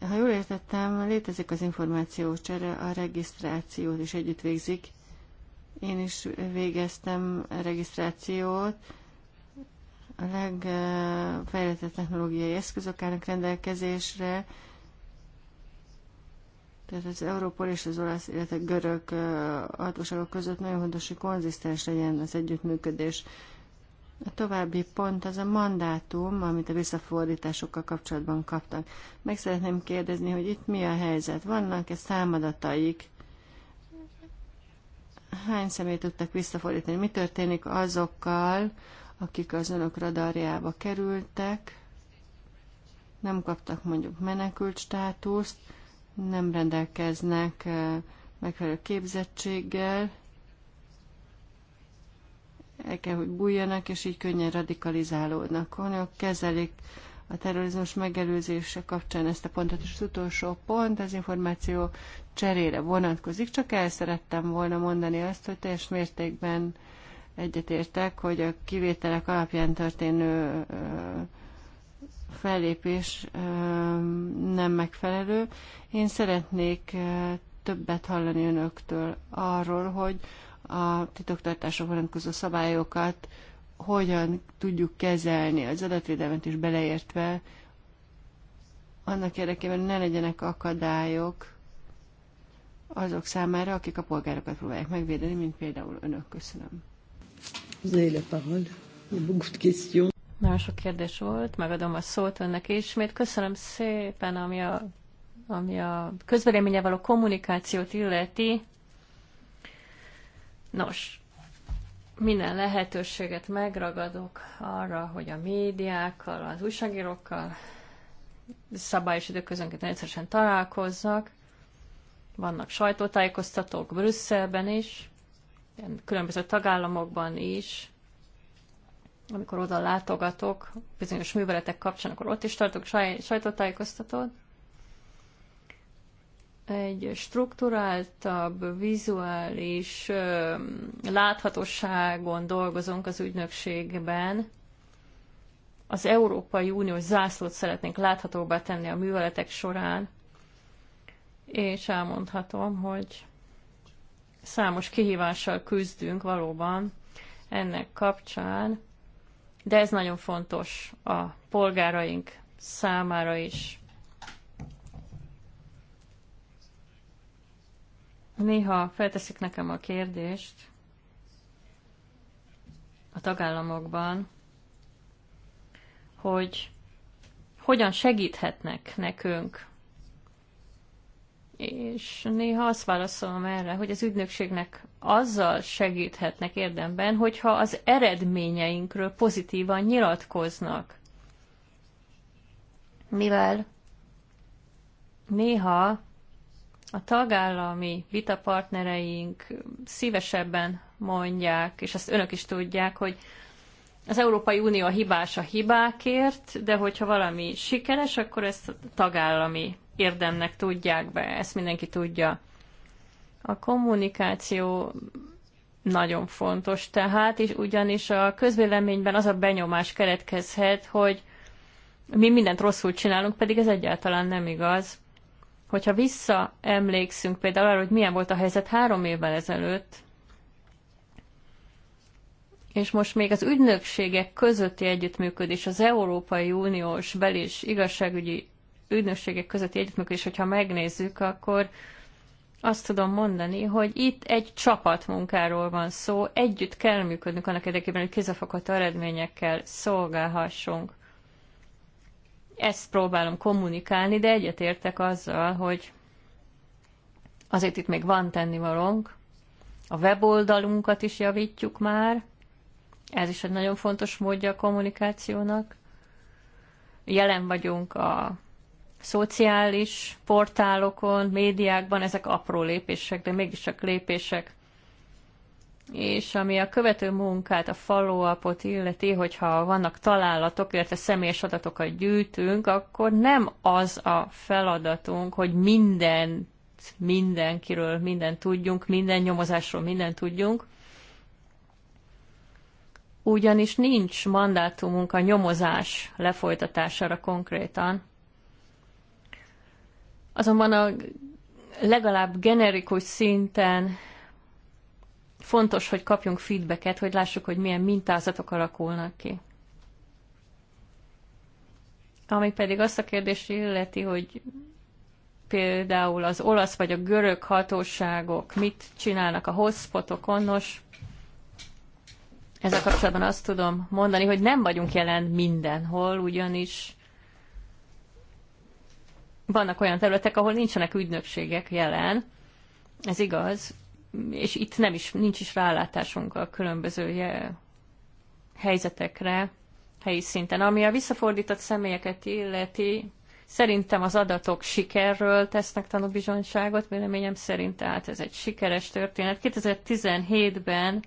ha jól értettem, létezik az információcsere, a regisztrációt is együtt végzik. Én is végeztem regisztrációt. A legfejlettebb technológiai eszközök állnak rendelkezésre, tehát az Európol és az olasz, illetve görög hatóságok között nagyon fontos, hogy konzisztens legyen az együttműködés. A további pont az a mandátum, amit a visszafordításokkal kapcsolatban kaptak. Meg szeretném kérdezni, hogy itt mi a helyzet? Vannak-e számadataik? Hány személyt tudtak visszafordítani? Mi történik azokkal, akik az önök radarjába kerültek? Nem kaptak mondjuk menekült státuszt, nem rendelkeznek eh, megfelelő képzettséggel, el kell, hogy bújjanak, és így könnyen radikalizálódnak. Honnan kezelik a terrorizmus megelőzése kapcsán ezt a pontot, és az utolsó pont az információ cserére vonatkozik, csak el szerettem volna mondani azt, hogy teljes mértékben egyetértek, hogy a kivételek alapján történő fellépés nem megfelelő. Én szeretnék többet hallani önöktől arról, hogy a titoktartásra vonatkozó szabályokat hogyan tudjuk kezelni, az adatvédelmet is beleértve, annak érdekében ne legyenek akadályok azok számára, akik a polgárokat próbálják megvédeni, mint például önök. Köszönöm. Nagyon sok kérdés volt, megadom a szót önnek ismét. Köszönöm szépen, ami a, ami a közvéleménye való kommunikációt illeti. Nos, minden lehetőséget megragadok arra, hogy a médiákkal, az újságírókkal szabályos időközönként egyszerűen találkozzak. Vannak sajtótájékoztatók Brüsszelben is, különböző tagállamokban is, amikor oda látogatok, bizonyos műveletek kapcsán, akkor ott is tartok saj, sajtótájékoztatót egy strukturáltabb, vizuális láthatóságon dolgozunk az ügynökségben. Az Európai Uniós zászlót szeretnénk láthatóbbá tenni a műveletek során, és elmondhatom, hogy számos kihívással küzdünk valóban ennek kapcsán, de ez nagyon fontos a polgáraink számára is. Néha felteszik nekem a kérdést a tagállamokban, hogy hogyan segíthetnek nekünk. És néha azt válaszolom erre, hogy az ügynökségnek azzal segíthetnek érdemben, hogyha az eredményeinkről pozitívan nyilatkoznak. Mivel néha a tagállami vitapartnereink szívesebben mondják, és ezt önök is tudják, hogy az Európai Unió a hibás a hibákért, de hogyha valami sikeres, akkor ezt a tagállami érdemnek tudják be, ezt mindenki tudja. A kommunikáció nagyon fontos tehát, és ugyanis a közvéleményben az a benyomás keretkezhet, hogy mi mindent rosszul csinálunk, pedig ez egyáltalán nem igaz. Hogyha visszaemlékszünk például arra, hogy milyen volt a helyzet három évvel ezelőtt, és most még az ügynökségek közötti együttműködés, az Európai Uniós bel- és igazságügyi ügynökségek közötti együttműködés, hogyha megnézzük, akkor azt tudom mondani, hogy itt egy csapatmunkáról van szó, együtt kell működnünk annak érdekében, hogy kézefogható eredményekkel szolgálhassunk. Ezt próbálom kommunikálni, de egyetértek azzal, hogy azért itt még van tennivalónk. A weboldalunkat is javítjuk már. Ez is egy nagyon fontos módja a kommunikációnak. Jelen vagyunk a szociális portálokon, médiákban, ezek apró lépések, de mégiscsak lépések és ami a követő munkát, a follow-upot illeti, hogyha vannak találatok, illetve személyes adatokat gyűjtünk, akkor nem az a feladatunk, hogy mindent, mindenkiről mindent tudjunk, minden nyomozásról mindent tudjunk, ugyanis nincs mandátumunk a nyomozás lefolytatására konkrétan. Azonban a legalább generikus szinten fontos, hogy kapjunk feedbacket, hogy lássuk, hogy milyen mintázatok alakulnak ki. Ami pedig azt a kérdést illeti, hogy például az olasz vagy a görög hatóságok mit csinálnak a hotspotokon, nos, ezzel kapcsolatban azt tudom mondani, hogy nem vagyunk jelen mindenhol, ugyanis vannak olyan területek, ahol nincsenek ügynökségek jelen, ez igaz, és itt nem is, nincs is rálátásunk a különböző helyzetekre helyi szinten. Ami a visszafordított személyeket illeti, szerintem az adatok sikerről tesznek tanúbizonyságot, véleményem szerint, tehát ez egy sikeres történet. 2017-ben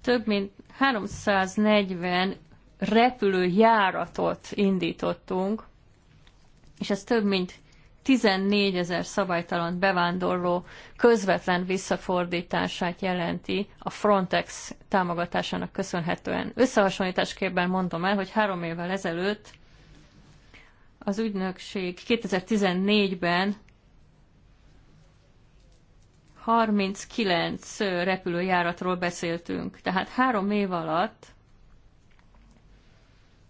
több mint 340 repülőjáratot indítottunk, és ez több mint 14 ezer szabálytalan bevándorló közvetlen visszafordítását jelenti a Frontex támogatásának köszönhetően. Összehasonlításképpen mondom el, hogy három évvel ezelőtt az ügynökség 2014-ben 39 repülőjáratról beszéltünk. Tehát három év alatt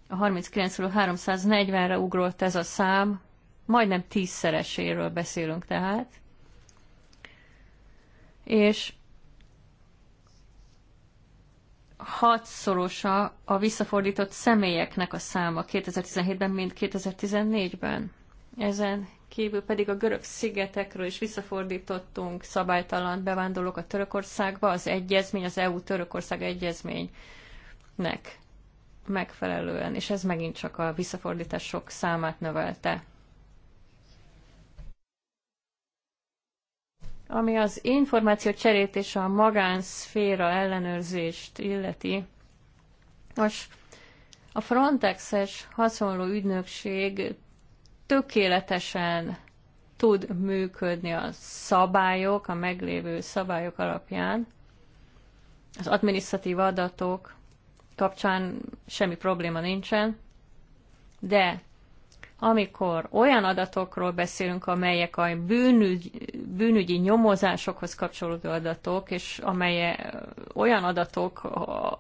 a 39-ről 340-re ugrott ez a szám, majdnem tízszereséről beszélünk tehát. És hatszorosa a visszafordított személyeknek a száma 2017-ben, mint 2014-ben. Ezen kívül pedig a görög szigetekről is visszafordítottunk szabálytalan bevándorlókat Törökországba, az egyezmény, az EU-Törökország egyezménynek megfelelően, és ez megint csak a visszafordítások számát növelte. Ami az információ cserét és a magánszféra ellenőrzést illeti, most a Frontex-es hasonló ügynökség tökéletesen tud működni a szabályok, a meglévő szabályok alapján. Az adminisztratív adatok kapcsán semmi probléma nincsen, de amikor olyan adatokról beszélünk, amelyek a bűnügy, bűnügyi nyomozásokhoz kapcsolódó adatok, és amelye olyan adatok,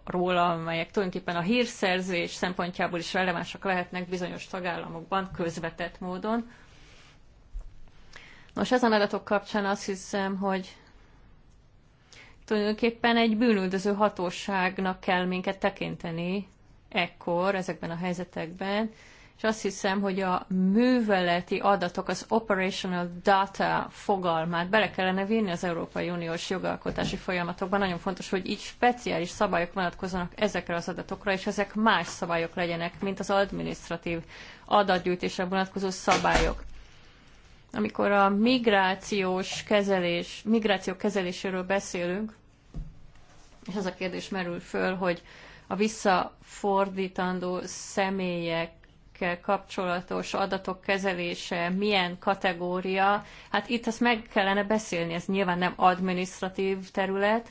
róla amelyek tulajdonképpen a hírszerzés szempontjából is relevánsak lehetnek bizonyos tagállamokban közvetett módon. Nos, ezen adatok kapcsán azt hiszem, hogy tulajdonképpen egy bűnüldöző hatóságnak kell minket tekinteni ekkor, ezekben a helyzetekben, és azt hiszem, hogy a műveleti adatok, az operational data fogalmát bele kellene vinni az Európai Uniós jogalkotási folyamatokban. Nagyon fontos, hogy így speciális szabályok vonatkozzanak ezekre az adatokra, és ezek más szabályok legyenek, mint az administratív adatgyűjtésre vonatkozó szabályok. Amikor a migrációs kezelés, migráció kezeléséről beszélünk, és az a kérdés merül föl, hogy a visszafordítandó személyek ügyekkel kapcsolatos adatok kezelése, milyen kategória, hát itt azt meg kellene beszélni, ez nyilván nem administratív terület,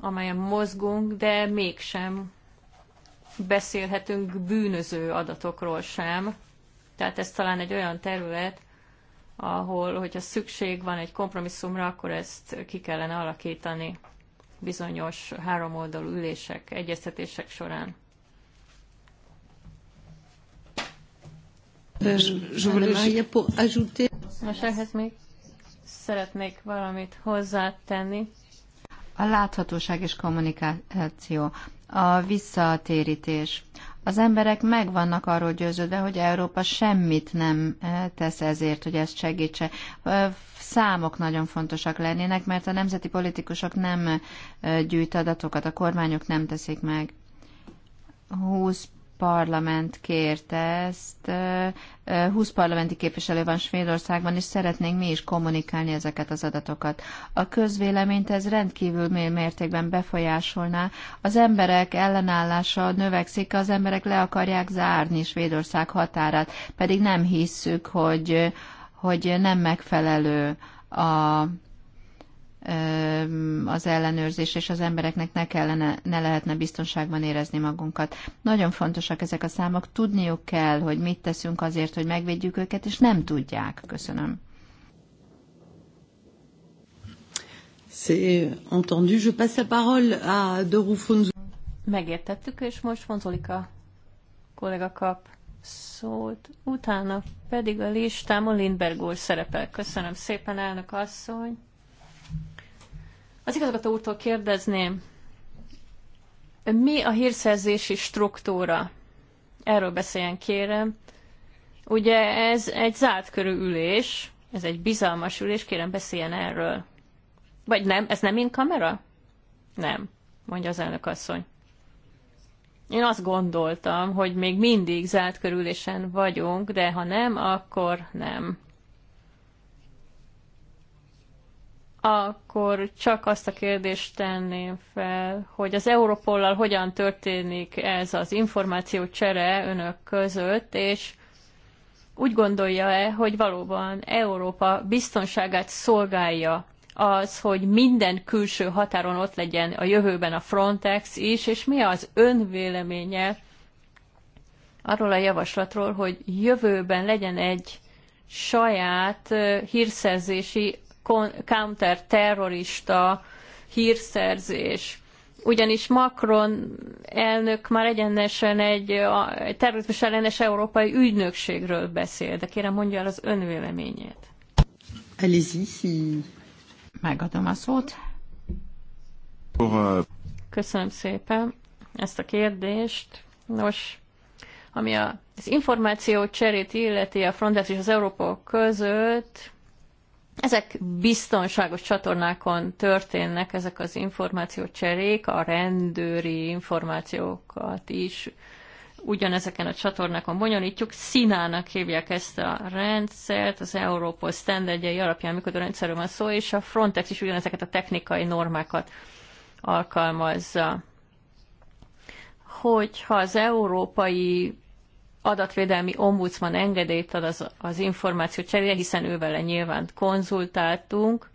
amelyen mozgunk, de mégsem beszélhetünk bűnöző adatokról sem. Tehát ez talán egy olyan terület, ahol, hogyha szükség van egy kompromisszumra, akkor ezt ki kellene alakítani bizonyos háromoldalú ülések, egyeztetések során. Euh, Most ehhez még szeretnék valamit hozzátenni. A láthatóság és kommunikáció, a visszatérítés. Az emberek meg vannak arról győződve, hogy Európa semmit nem eh, tesz ezért, hogy ezt segítse. Számok nagyon fontosak lennének, mert a nemzeti politikusok nem eh, gyűjt adatokat, a kormányok nem teszik meg. 20 parlament kérte ezt. 20 parlamenti képviselő van Svédországban, és szeretnénk mi is kommunikálni ezeket az adatokat. A közvéleményt ez rendkívül mértékben befolyásolná. Az emberek ellenállása növekszik, az emberek le akarják zárni Svédország határát, pedig nem hisszük, hogy, hogy nem megfelelő a az ellenőrzés, és az embereknek ne, kellene, ne lehetne biztonságban érezni magunkat. Nagyon fontosak ezek a számok, tudniuk kell, hogy mit teszünk azért, hogy megvédjük őket, és nem tudják. Köszönöm. C'est entendu. Je passe la parole à Doru Megértettük, és most Fonzolika kollega kap szót. Utána pedig a a Lindberg úr szerepel. Köszönöm szépen, elnök asszony. Az igazgató úrtól kérdezném, mi a hírszerzési struktúra? Erről beszéljen kérem. Ugye ez egy zárt körű ülés, ez egy bizalmas ülés, kérem beszéljen erről. Vagy nem, ez nem én kamera? Nem, mondja az elnök asszony. Én azt gondoltam, hogy még mindig zárt körülésen vagyunk, de ha nem, akkor nem. akkor csak azt a kérdést tenném fel, hogy az Europollal hogyan történik ez az információ csere önök között, és úgy gondolja-e, hogy valóban Európa biztonságát szolgálja az, hogy minden külső határon ott legyen a jövőben a Frontex is, és mi az ön véleménye arról a javaslatról, hogy jövőben legyen egy saját hírszerzési Counterterrorista hírszerzés. Ugyanis Macron elnök már egyenesen egy, egy terrorizmus ellenes európai ügynökségről beszél, de kérem mondja el az önvéleményét. véleményét. Megadom a szót. Euh, Köszönöm szépen ezt a kérdést. Nos, ami a, az információ cserét illeti a Frontex és az Európa között, ezek biztonságos csatornákon történnek ezek az információcserék, a rendőri információkat is ugyanezeken a csatornákon bonyolítjuk. Színának hívják ezt a rendszert, az Európol standardjai alapján, amikor a rendszerről van szó, és a Frontex is ugyanezeket a technikai normákat alkalmazza. Hogyha az európai adatvédelmi ombudsman engedélyt ad az, az információ cserére, hiszen vele nyilván konzultáltunk,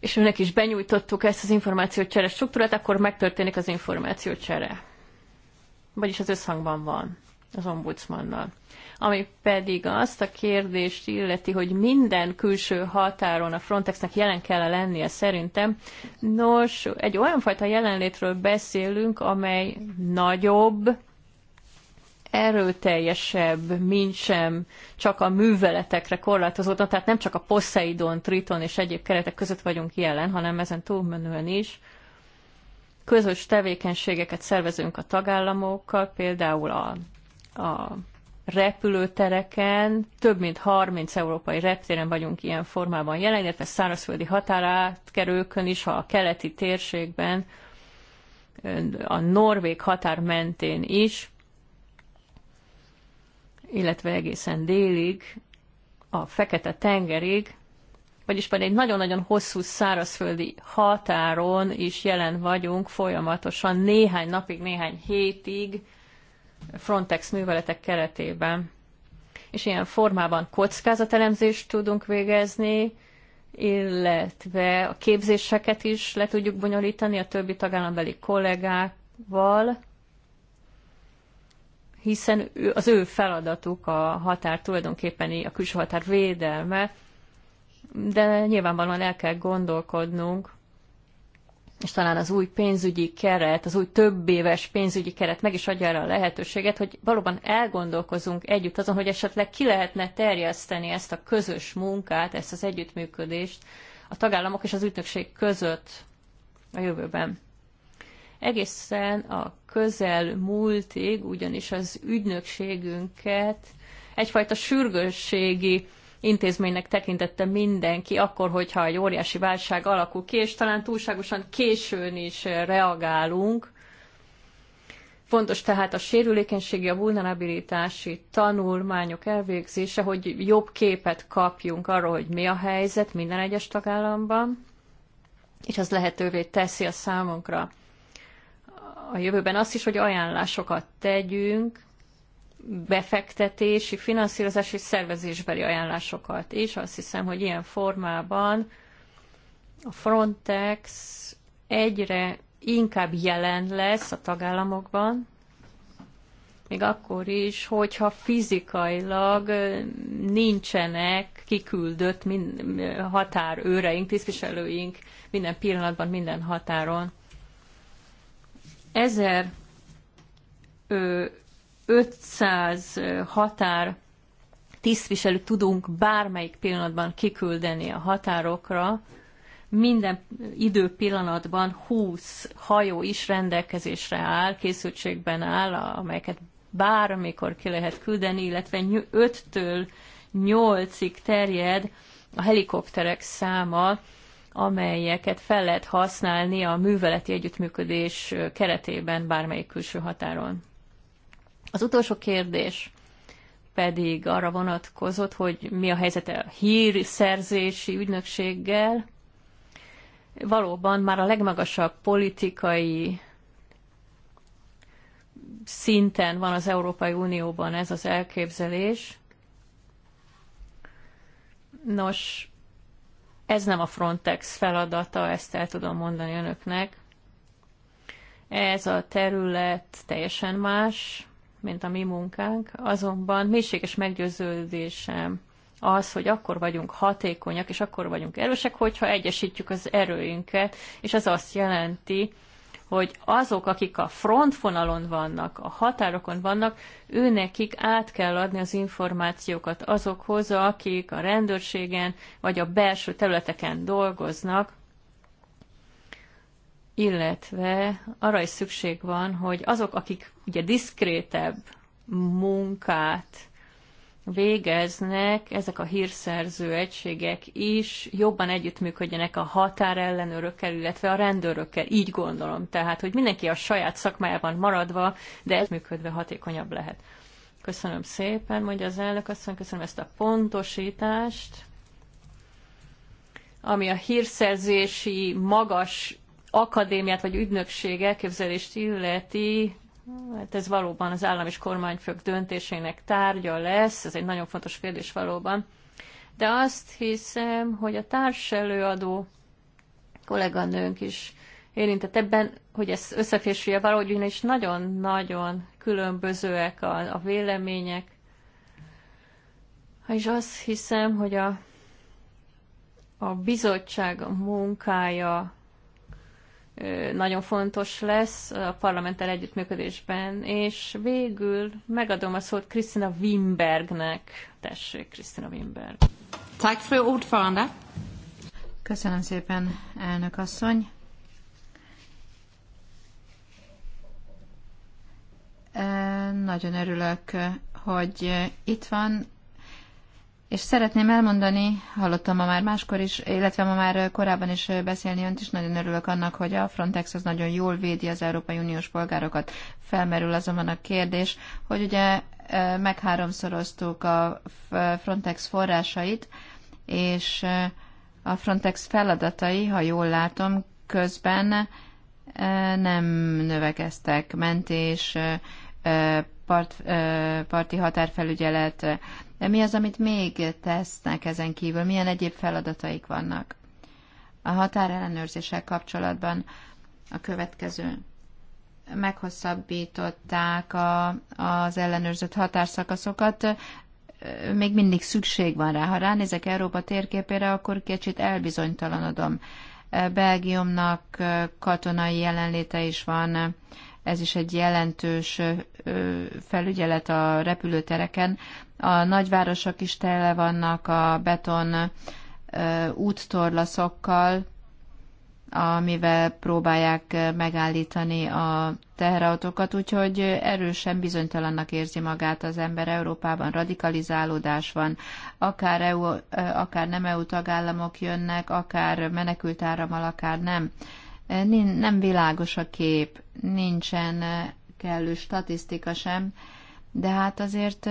és őnek is benyújtottuk ezt az információcsere struktúrát, akkor megtörténik az információcsere. Vagyis az összhangban van az ombudsmannal. Ami pedig azt a kérdést illeti, hogy minden külső határon a Frontexnek jelen kell -e lennie szerintem. Nos, egy olyan fajta jelenlétről beszélünk, amely nagyobb, erőteljesebb, mint sem csak a műveletekre korlátozódna, tehát nem csak a Poseidon, Triton és egyéb keretek között vagyunk jelen, hanem ezen túlmenően is közös tevékenységeket szervezünk a tagállamokkal, például a, a repülőtereken, több mint 30 európai reptéren vagyunk ilyen formában jelen, illetve szárazföldi határátkerőkön is, a keleti térségben, a norvég határ mentén is, illetve egészen délig, a Fekete-tengerig, vagyis pedig egy nagyon-nagyon hosszú szárazföldi határon is jelen vagyunk folyamatosan néhány napig, néhány hétig Frontex műveletek keretében. És ilyen formában kockázatelemzést tudunk végezni, illetve a képzéseket is le tudjuk bonyolítani a többi tagállambeli kollégával, hiszen az ő feladatuk a határ tulajdonképpen a külső határ védelme, de nyilvánvalóan el kell gondolkodnunk, és talán az új pénzügyi keret, az új több éves pénzügyi keret meg is adja erre a lehetőséget, hogy valóban elgondolkozunk együtt azon, hogy esetleg ki lehetne terjeszteni ezt a közös munkát, ezt az együttműködést a tagállamok és az ügynökség között a jövőben. Egészen a közel múltig ugyanis az ügynökségünket egyfajta sürgősségi intézménynek tekintette mindenki, akkor, hogyha egy óriási válság alakul ki, és talán túlságosan későn is reagálunk. Fontos tehát a sérülékenységi, a vulnerabilitási tanulmányok elvégzése, hogy jobb képet kapjunk arról, hogy mi a helyzet minden egyes tagállamban, és az lehetővé teszi a számunkra a jövőben azt is, hogy ajánlásokat tegyünk, befektetési, finanszírozási, szervezésbeli ajánlásokat is. Azt hiszem, hogy ilyen formában a Frontex egyre inkább jelen lesz a tagállamokban, még akkor is, hogyha fizikailag nincsenek kiküldött határőreink, tisztviselőink minden pillanatban, minden határon. 1500 határ tisztviselőt tudunk bármelyik pillanatban kiküldeni a határokra, minden idő pillanatban 20 hajó is rendelkezésre áll, készültségben áll, amelyeket bármikor ki lehet küldeni, illetve 5-től 8-ig terjed a helikopterek száma, amelyeket fel lehet használni a műveleti együttműködés keretében bármelyik külső határon. Az utolsó kérdés pedig arra vonatkozott, hogy mi a helyzet a hírszerzési ügynökséggel. Valóban már a legmagasabb politikai szinten van az Európai Unióban ez az elképzelés. Nos, ez nem a Frontex feladata, ezt el tudom mondani önöknek. Ez a terület teljesen más, mint a mi munkánk, azonban mélységes meggyőződésem az, hogy akkor vagyunk hatékonyak, és akkor vagyunk erősek, hogyha egyesítjük az erőinket, és ez azt jelenti, hogy azok, akik a frontfonalon vannak, a határokon vannak, őnekik át kell adni az információkat azokhoz, akik a rendőrségen vagy a belső területeken dolgoznak, illetve arra is szükség van, hogy azok, akik ugye diszkrétebb munkát végeznek, ezek a hírszerző egységek is jobban együttműködjenek a határellenőrökkel, illetve a rendőrökkel, így gondolom. Tehát, hogy mindenki a saját szakmájában maradva, de együttműködve hatékonyabb lehet. Köszönöm szépen, mondja az elnök asszony, köszönöm ezt a pontosítást, ami a hírszerzési magas akadémiát vagy ügynökség elképzelést illeti, Hát ez valóban az állam és kormányfők döntésének tárgya lesz, ez egy nagyon fontos kérdés valóban. De azt hiszem, hogy a társelőadó kolléganőnk is érintett ebben, hogy ez összefésülje valahogy, ugyanis nagyon-nagyon különbözőek a, a vélemények. És azt hiszem, hogy a, a bizottság munkája nagyon fontos lesz a parlamenttel együttműködésben, és végül megadom a szót Krisztina Wimbergnek. Tessék, Krisztina Wimberg. Tack fru ordförande. Köszönöm szépen, elnök asszony. Nagyon örülök, hogy itt van, és szeretném elmondani, hallottam ma már máskor is, illetve ma már korábban is beszélni önt is, nagyon örülök annak, hogy a Frontex az nagyon jól védi az Európai Uniós polgárokat. Felmerül azonban a kérdés, hogy ugye e, megháromszoroztuk a Frontex forrásait, és e, a Frontex feladatai, ha jól látom, közben e, nem növekeztek. Mentés, part, parti határfelügyelet, de mi az, amit még tesznek ezen kívül? Milyen egyéb feladataik vannak? A határellenőrzéssel kapcsolatban a következő. Meghosszabbították a, az ellenőrzött határszakaszokat, még mindig szükség van rá. Ha ránézek Európa térképére, akkor kicsit elbizonytalanodom. Belgiumnak katonai jelenléte is van ez is egy jelentős felügyelet a repülőtereken. A nagyvárosok is tele vannak a beton úttorlaszokkal, amivel próbálják megállítani a teherautókat, úgyhogy erősen bizonytalannak érzi magát az ember Európában, radikalizálódás van, akár, EU, akár nem EU tagállamok jönnek, akár menekültáramal, akár nem nem világos a kép, nincsen kellő statisztika sem, de hát azért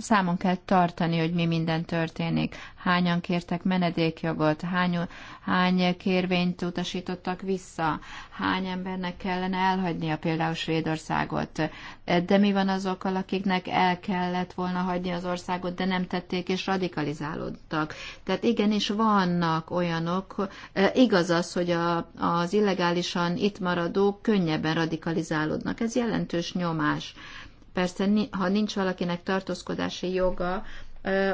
számon kell tartani, hogy mi minden történik. Hányan kértek menedékjogot, hány, hány kérvényt utasítottak vissza, hány embernek kellene elhagynia például Svédországot. De mi van azokkal, akiknek el kellett volna hagyni az országot, de nem tették és radikalizálódtak. Tehát igenis vannak olyanok, e, igaz az, hogy a, az illegálisan itt maradók könnyebben radikalizálódnak. Ez jelentős nyomás Persze, ha nincs valakinek tartózkodási joga,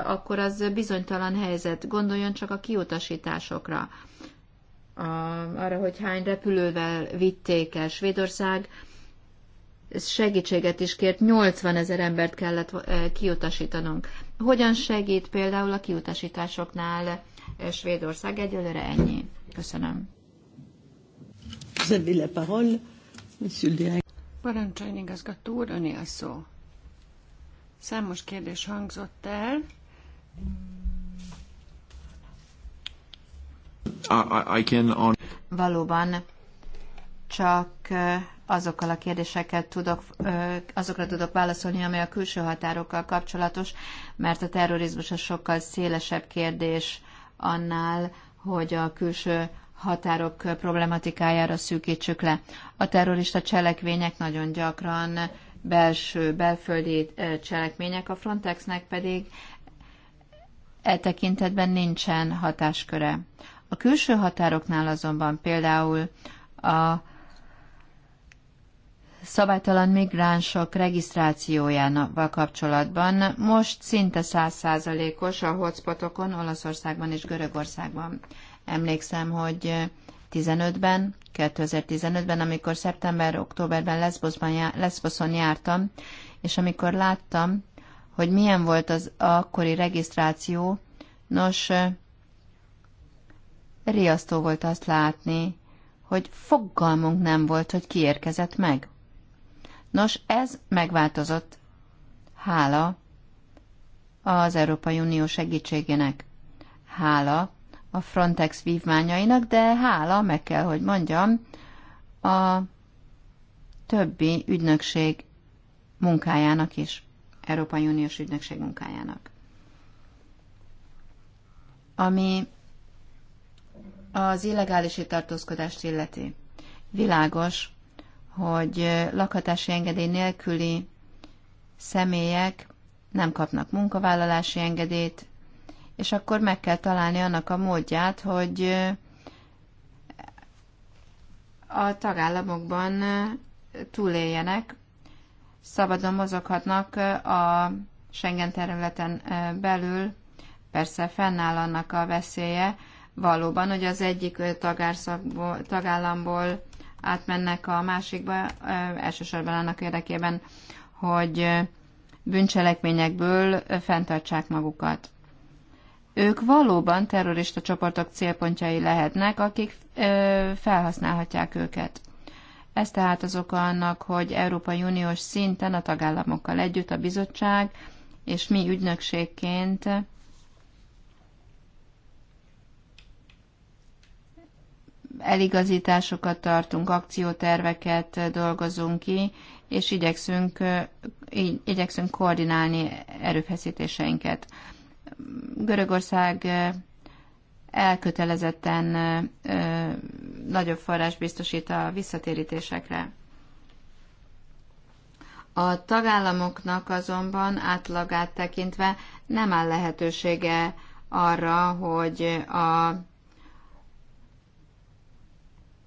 akkor az bizonytalan helyzet. Gondoljon csak a kiutasításokra, a, arra, hogy hány repülővel vitték el. Svédország segítséget is kért, 80 ezer embert kellett kiutasítanunk. Hogyan segít például a kiutasításoknál Svédország? Egyelőre ennyi. Köszönöm. Vous avez la parole, monsieur le Parancsoljon igazgató úr, öné a szó. Számos kérdés hangzott el. I, I can on... Valóban csak azokkal a kérdéseket tudok, azokra tudok válaszolni, amely a külső határokkal kapcsolatos, mert a terrorizmus a sokkal szélesebb kérdés annál, hogy a külső határok problematikájára szűkítsük le. A terrorista cselekvények nagyon gyakran belső, belföldi cselekmények, a Frontexnek pedig e tekintetben nincsen hatásköre. A külső határoknál azonban például a szabálytalan migránsok regisztrációjával kapcsolatban most szinte százszázalékos a hotspotokon Olaszországban és Görögországban. Emlékszem, hogy 15-ben, 2015-ben, amikor szeptember-októberben Lesbosban, Lesboson jártam, és amikor láttam, hogy milyen volt az akkori regisztráció, nos, riasztó volt azt látni, hogy fogalmunk nem volt, hogy kiérkezett meg. Nos, ez megváltozott, hála az Európai Unió segítségének. Hála a Frontex vívmányainak, de hála, meg kell, hogy mondjam, a többi ügynökség munkájának is, Európai Uniós ügynökség munkájának. Ami az illegális tartózkodást illeti. Világos, hogy lakhatási engedély nélküli személyek nem kapnak munkavállalási engedélyt, és akkor meg kell találni annak a módját, hogy a tagállamokban túléljenek, szabadon mozoghatnak a Schengen területen belül, persze fennáll annak a veszélye, valóban, hogy az egyik tagállamból átmennek a másikba, elsősorban annak érdekében, hogy bűncselekményekből fenntartsák magukat ők valóban terrorista csoportok célpontjai lehetnek, akik ö, felhasználhatják őket. Ez tehát az oka annak, hogy Európai Uniós szinten a tagállamokkal együtt a bizottság és mi ügynökségként eligazításokat tartunk, akcióterveket dolgozunk ki, és igyekszünk, igyekszünk koordinálni erőfeszítéseinket. Görögország elkötelezetten nagyobb forrás biztosít a visszatérítésekre. A tagállamoknak azonban átlagát tekintve nem áll lehetősége arra, hogy a,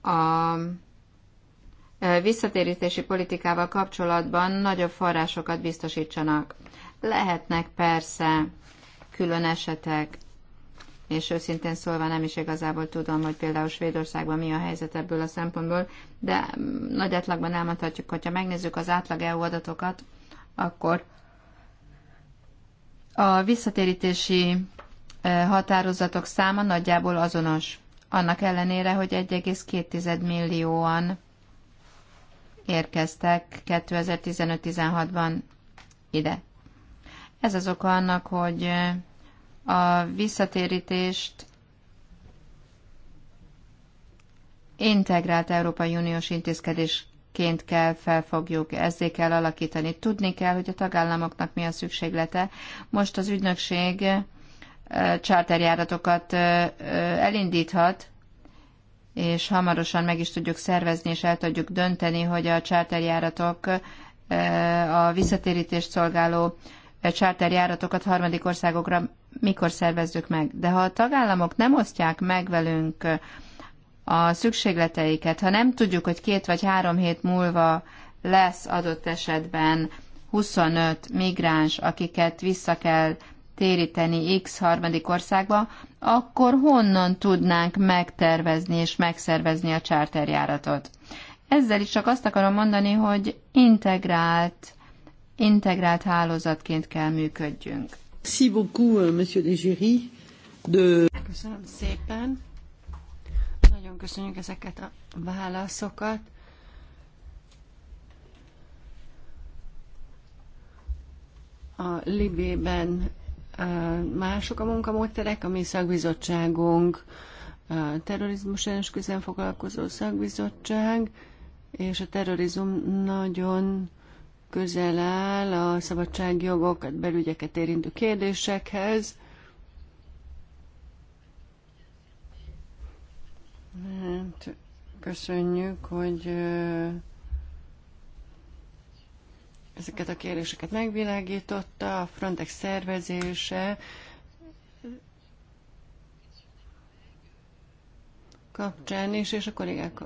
a visszatérítési politikával kapcsolatban nagyobb forrásokat biztosítsanak. Lehetnek persze külön esetek, és őszintén szólva nem is igazából tudom, hogy például Svédországban mi a helyzet ebből a szempontból, de mm, nagy átlagban elmondhatjuk, hogyha megnézzük az átlag EU adatokat, akkor a visszatérítési e, határozatok száma nagyjából azonos. Annak ellenére, hogy 1,2 millióan érkeztek 2015-16-ban ide. Ez az oka annak, hogy e, a visszatérítést integrált Európai Uniós intézkedésként kell felfogjuk, ezzé kell alakítani. Tudni kell, hogy a tagállamoknak mi a szükséglete. Most az ügynökség csárterjáratokat elindíthat, és hamarosan meg is tudjuk szervezni, és el tudjuk dönteni, hogy a csárterjáratok a visszatérítést szolgáló csárterjáratokat harmadik országokra mikor szervezzük meg. De ha a tagállamok nem osztják meg velünk a szükségleteiket, ha nem tudjuk, hogy két vagy három hét múlva lesz adott esetben 25 migráns, akiket vissza kell téríteni X harmadik országba, akkor honnan tudnánk megtervezni és megszervezni a charterjáratot? Ezzel is csak azt akarom mondani, hogy integrált, integrált hálózatként kell működjünk. Merci beaucoup, euh, Monsieur De... Köszönöm szépen. Nagyon köszönjük ezeket a válaszokat. A Libében mások a munkamódterek, a mi szakbizottságunk a terrorizmus ellenes küzden foglalkozó szakbizottság, és a terrorizmus nagyon közel áll a szabadságjogokat, belügyeket érintő kérdésekhez. Hát, köszönjük, hogy ezeket a kérdéseket megvilágította, a Frontex szervezése kapcsán is, és a kollégák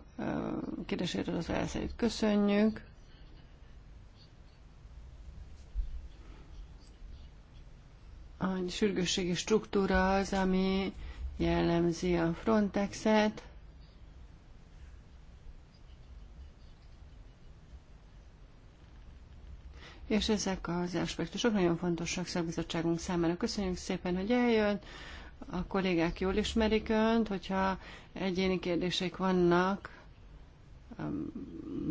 kérdését az elszerint köszönjük. a sürgősségi struktúra az, ami jellemzi a Frontexet. És ezek az aspektusok nagyon fontosak szakbizottságunk számára. Köszönjük szépen, hogy eljön. A kollégák jól ismerik Önt, hogyha egyéni kérdések vannak um,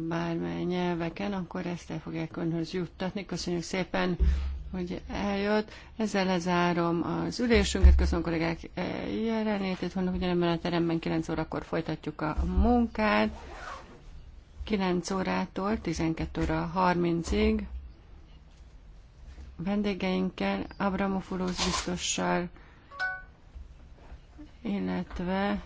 bármely nyelveken, akkor ezt el fogják Önhöz juttatni. Köszönjük szépen hogy eljött. Ezzel lezárom az ülésünket. Köszönöm kollégák eh, jelenlétét. Holnap ugyanebben a teremben 9 órakor folytatjuk a munkát. 9 órától 12 óra 30-ig vendégeinkkel, Abramopoulos biztossal, illetve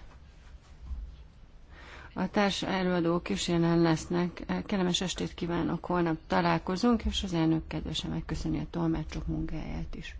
a társ előadók is jelen lesznek. Kellemes estét kívánok, holnap találkozunk, és az elnök kedvesen megköszöni a tolmácsok munkáját is.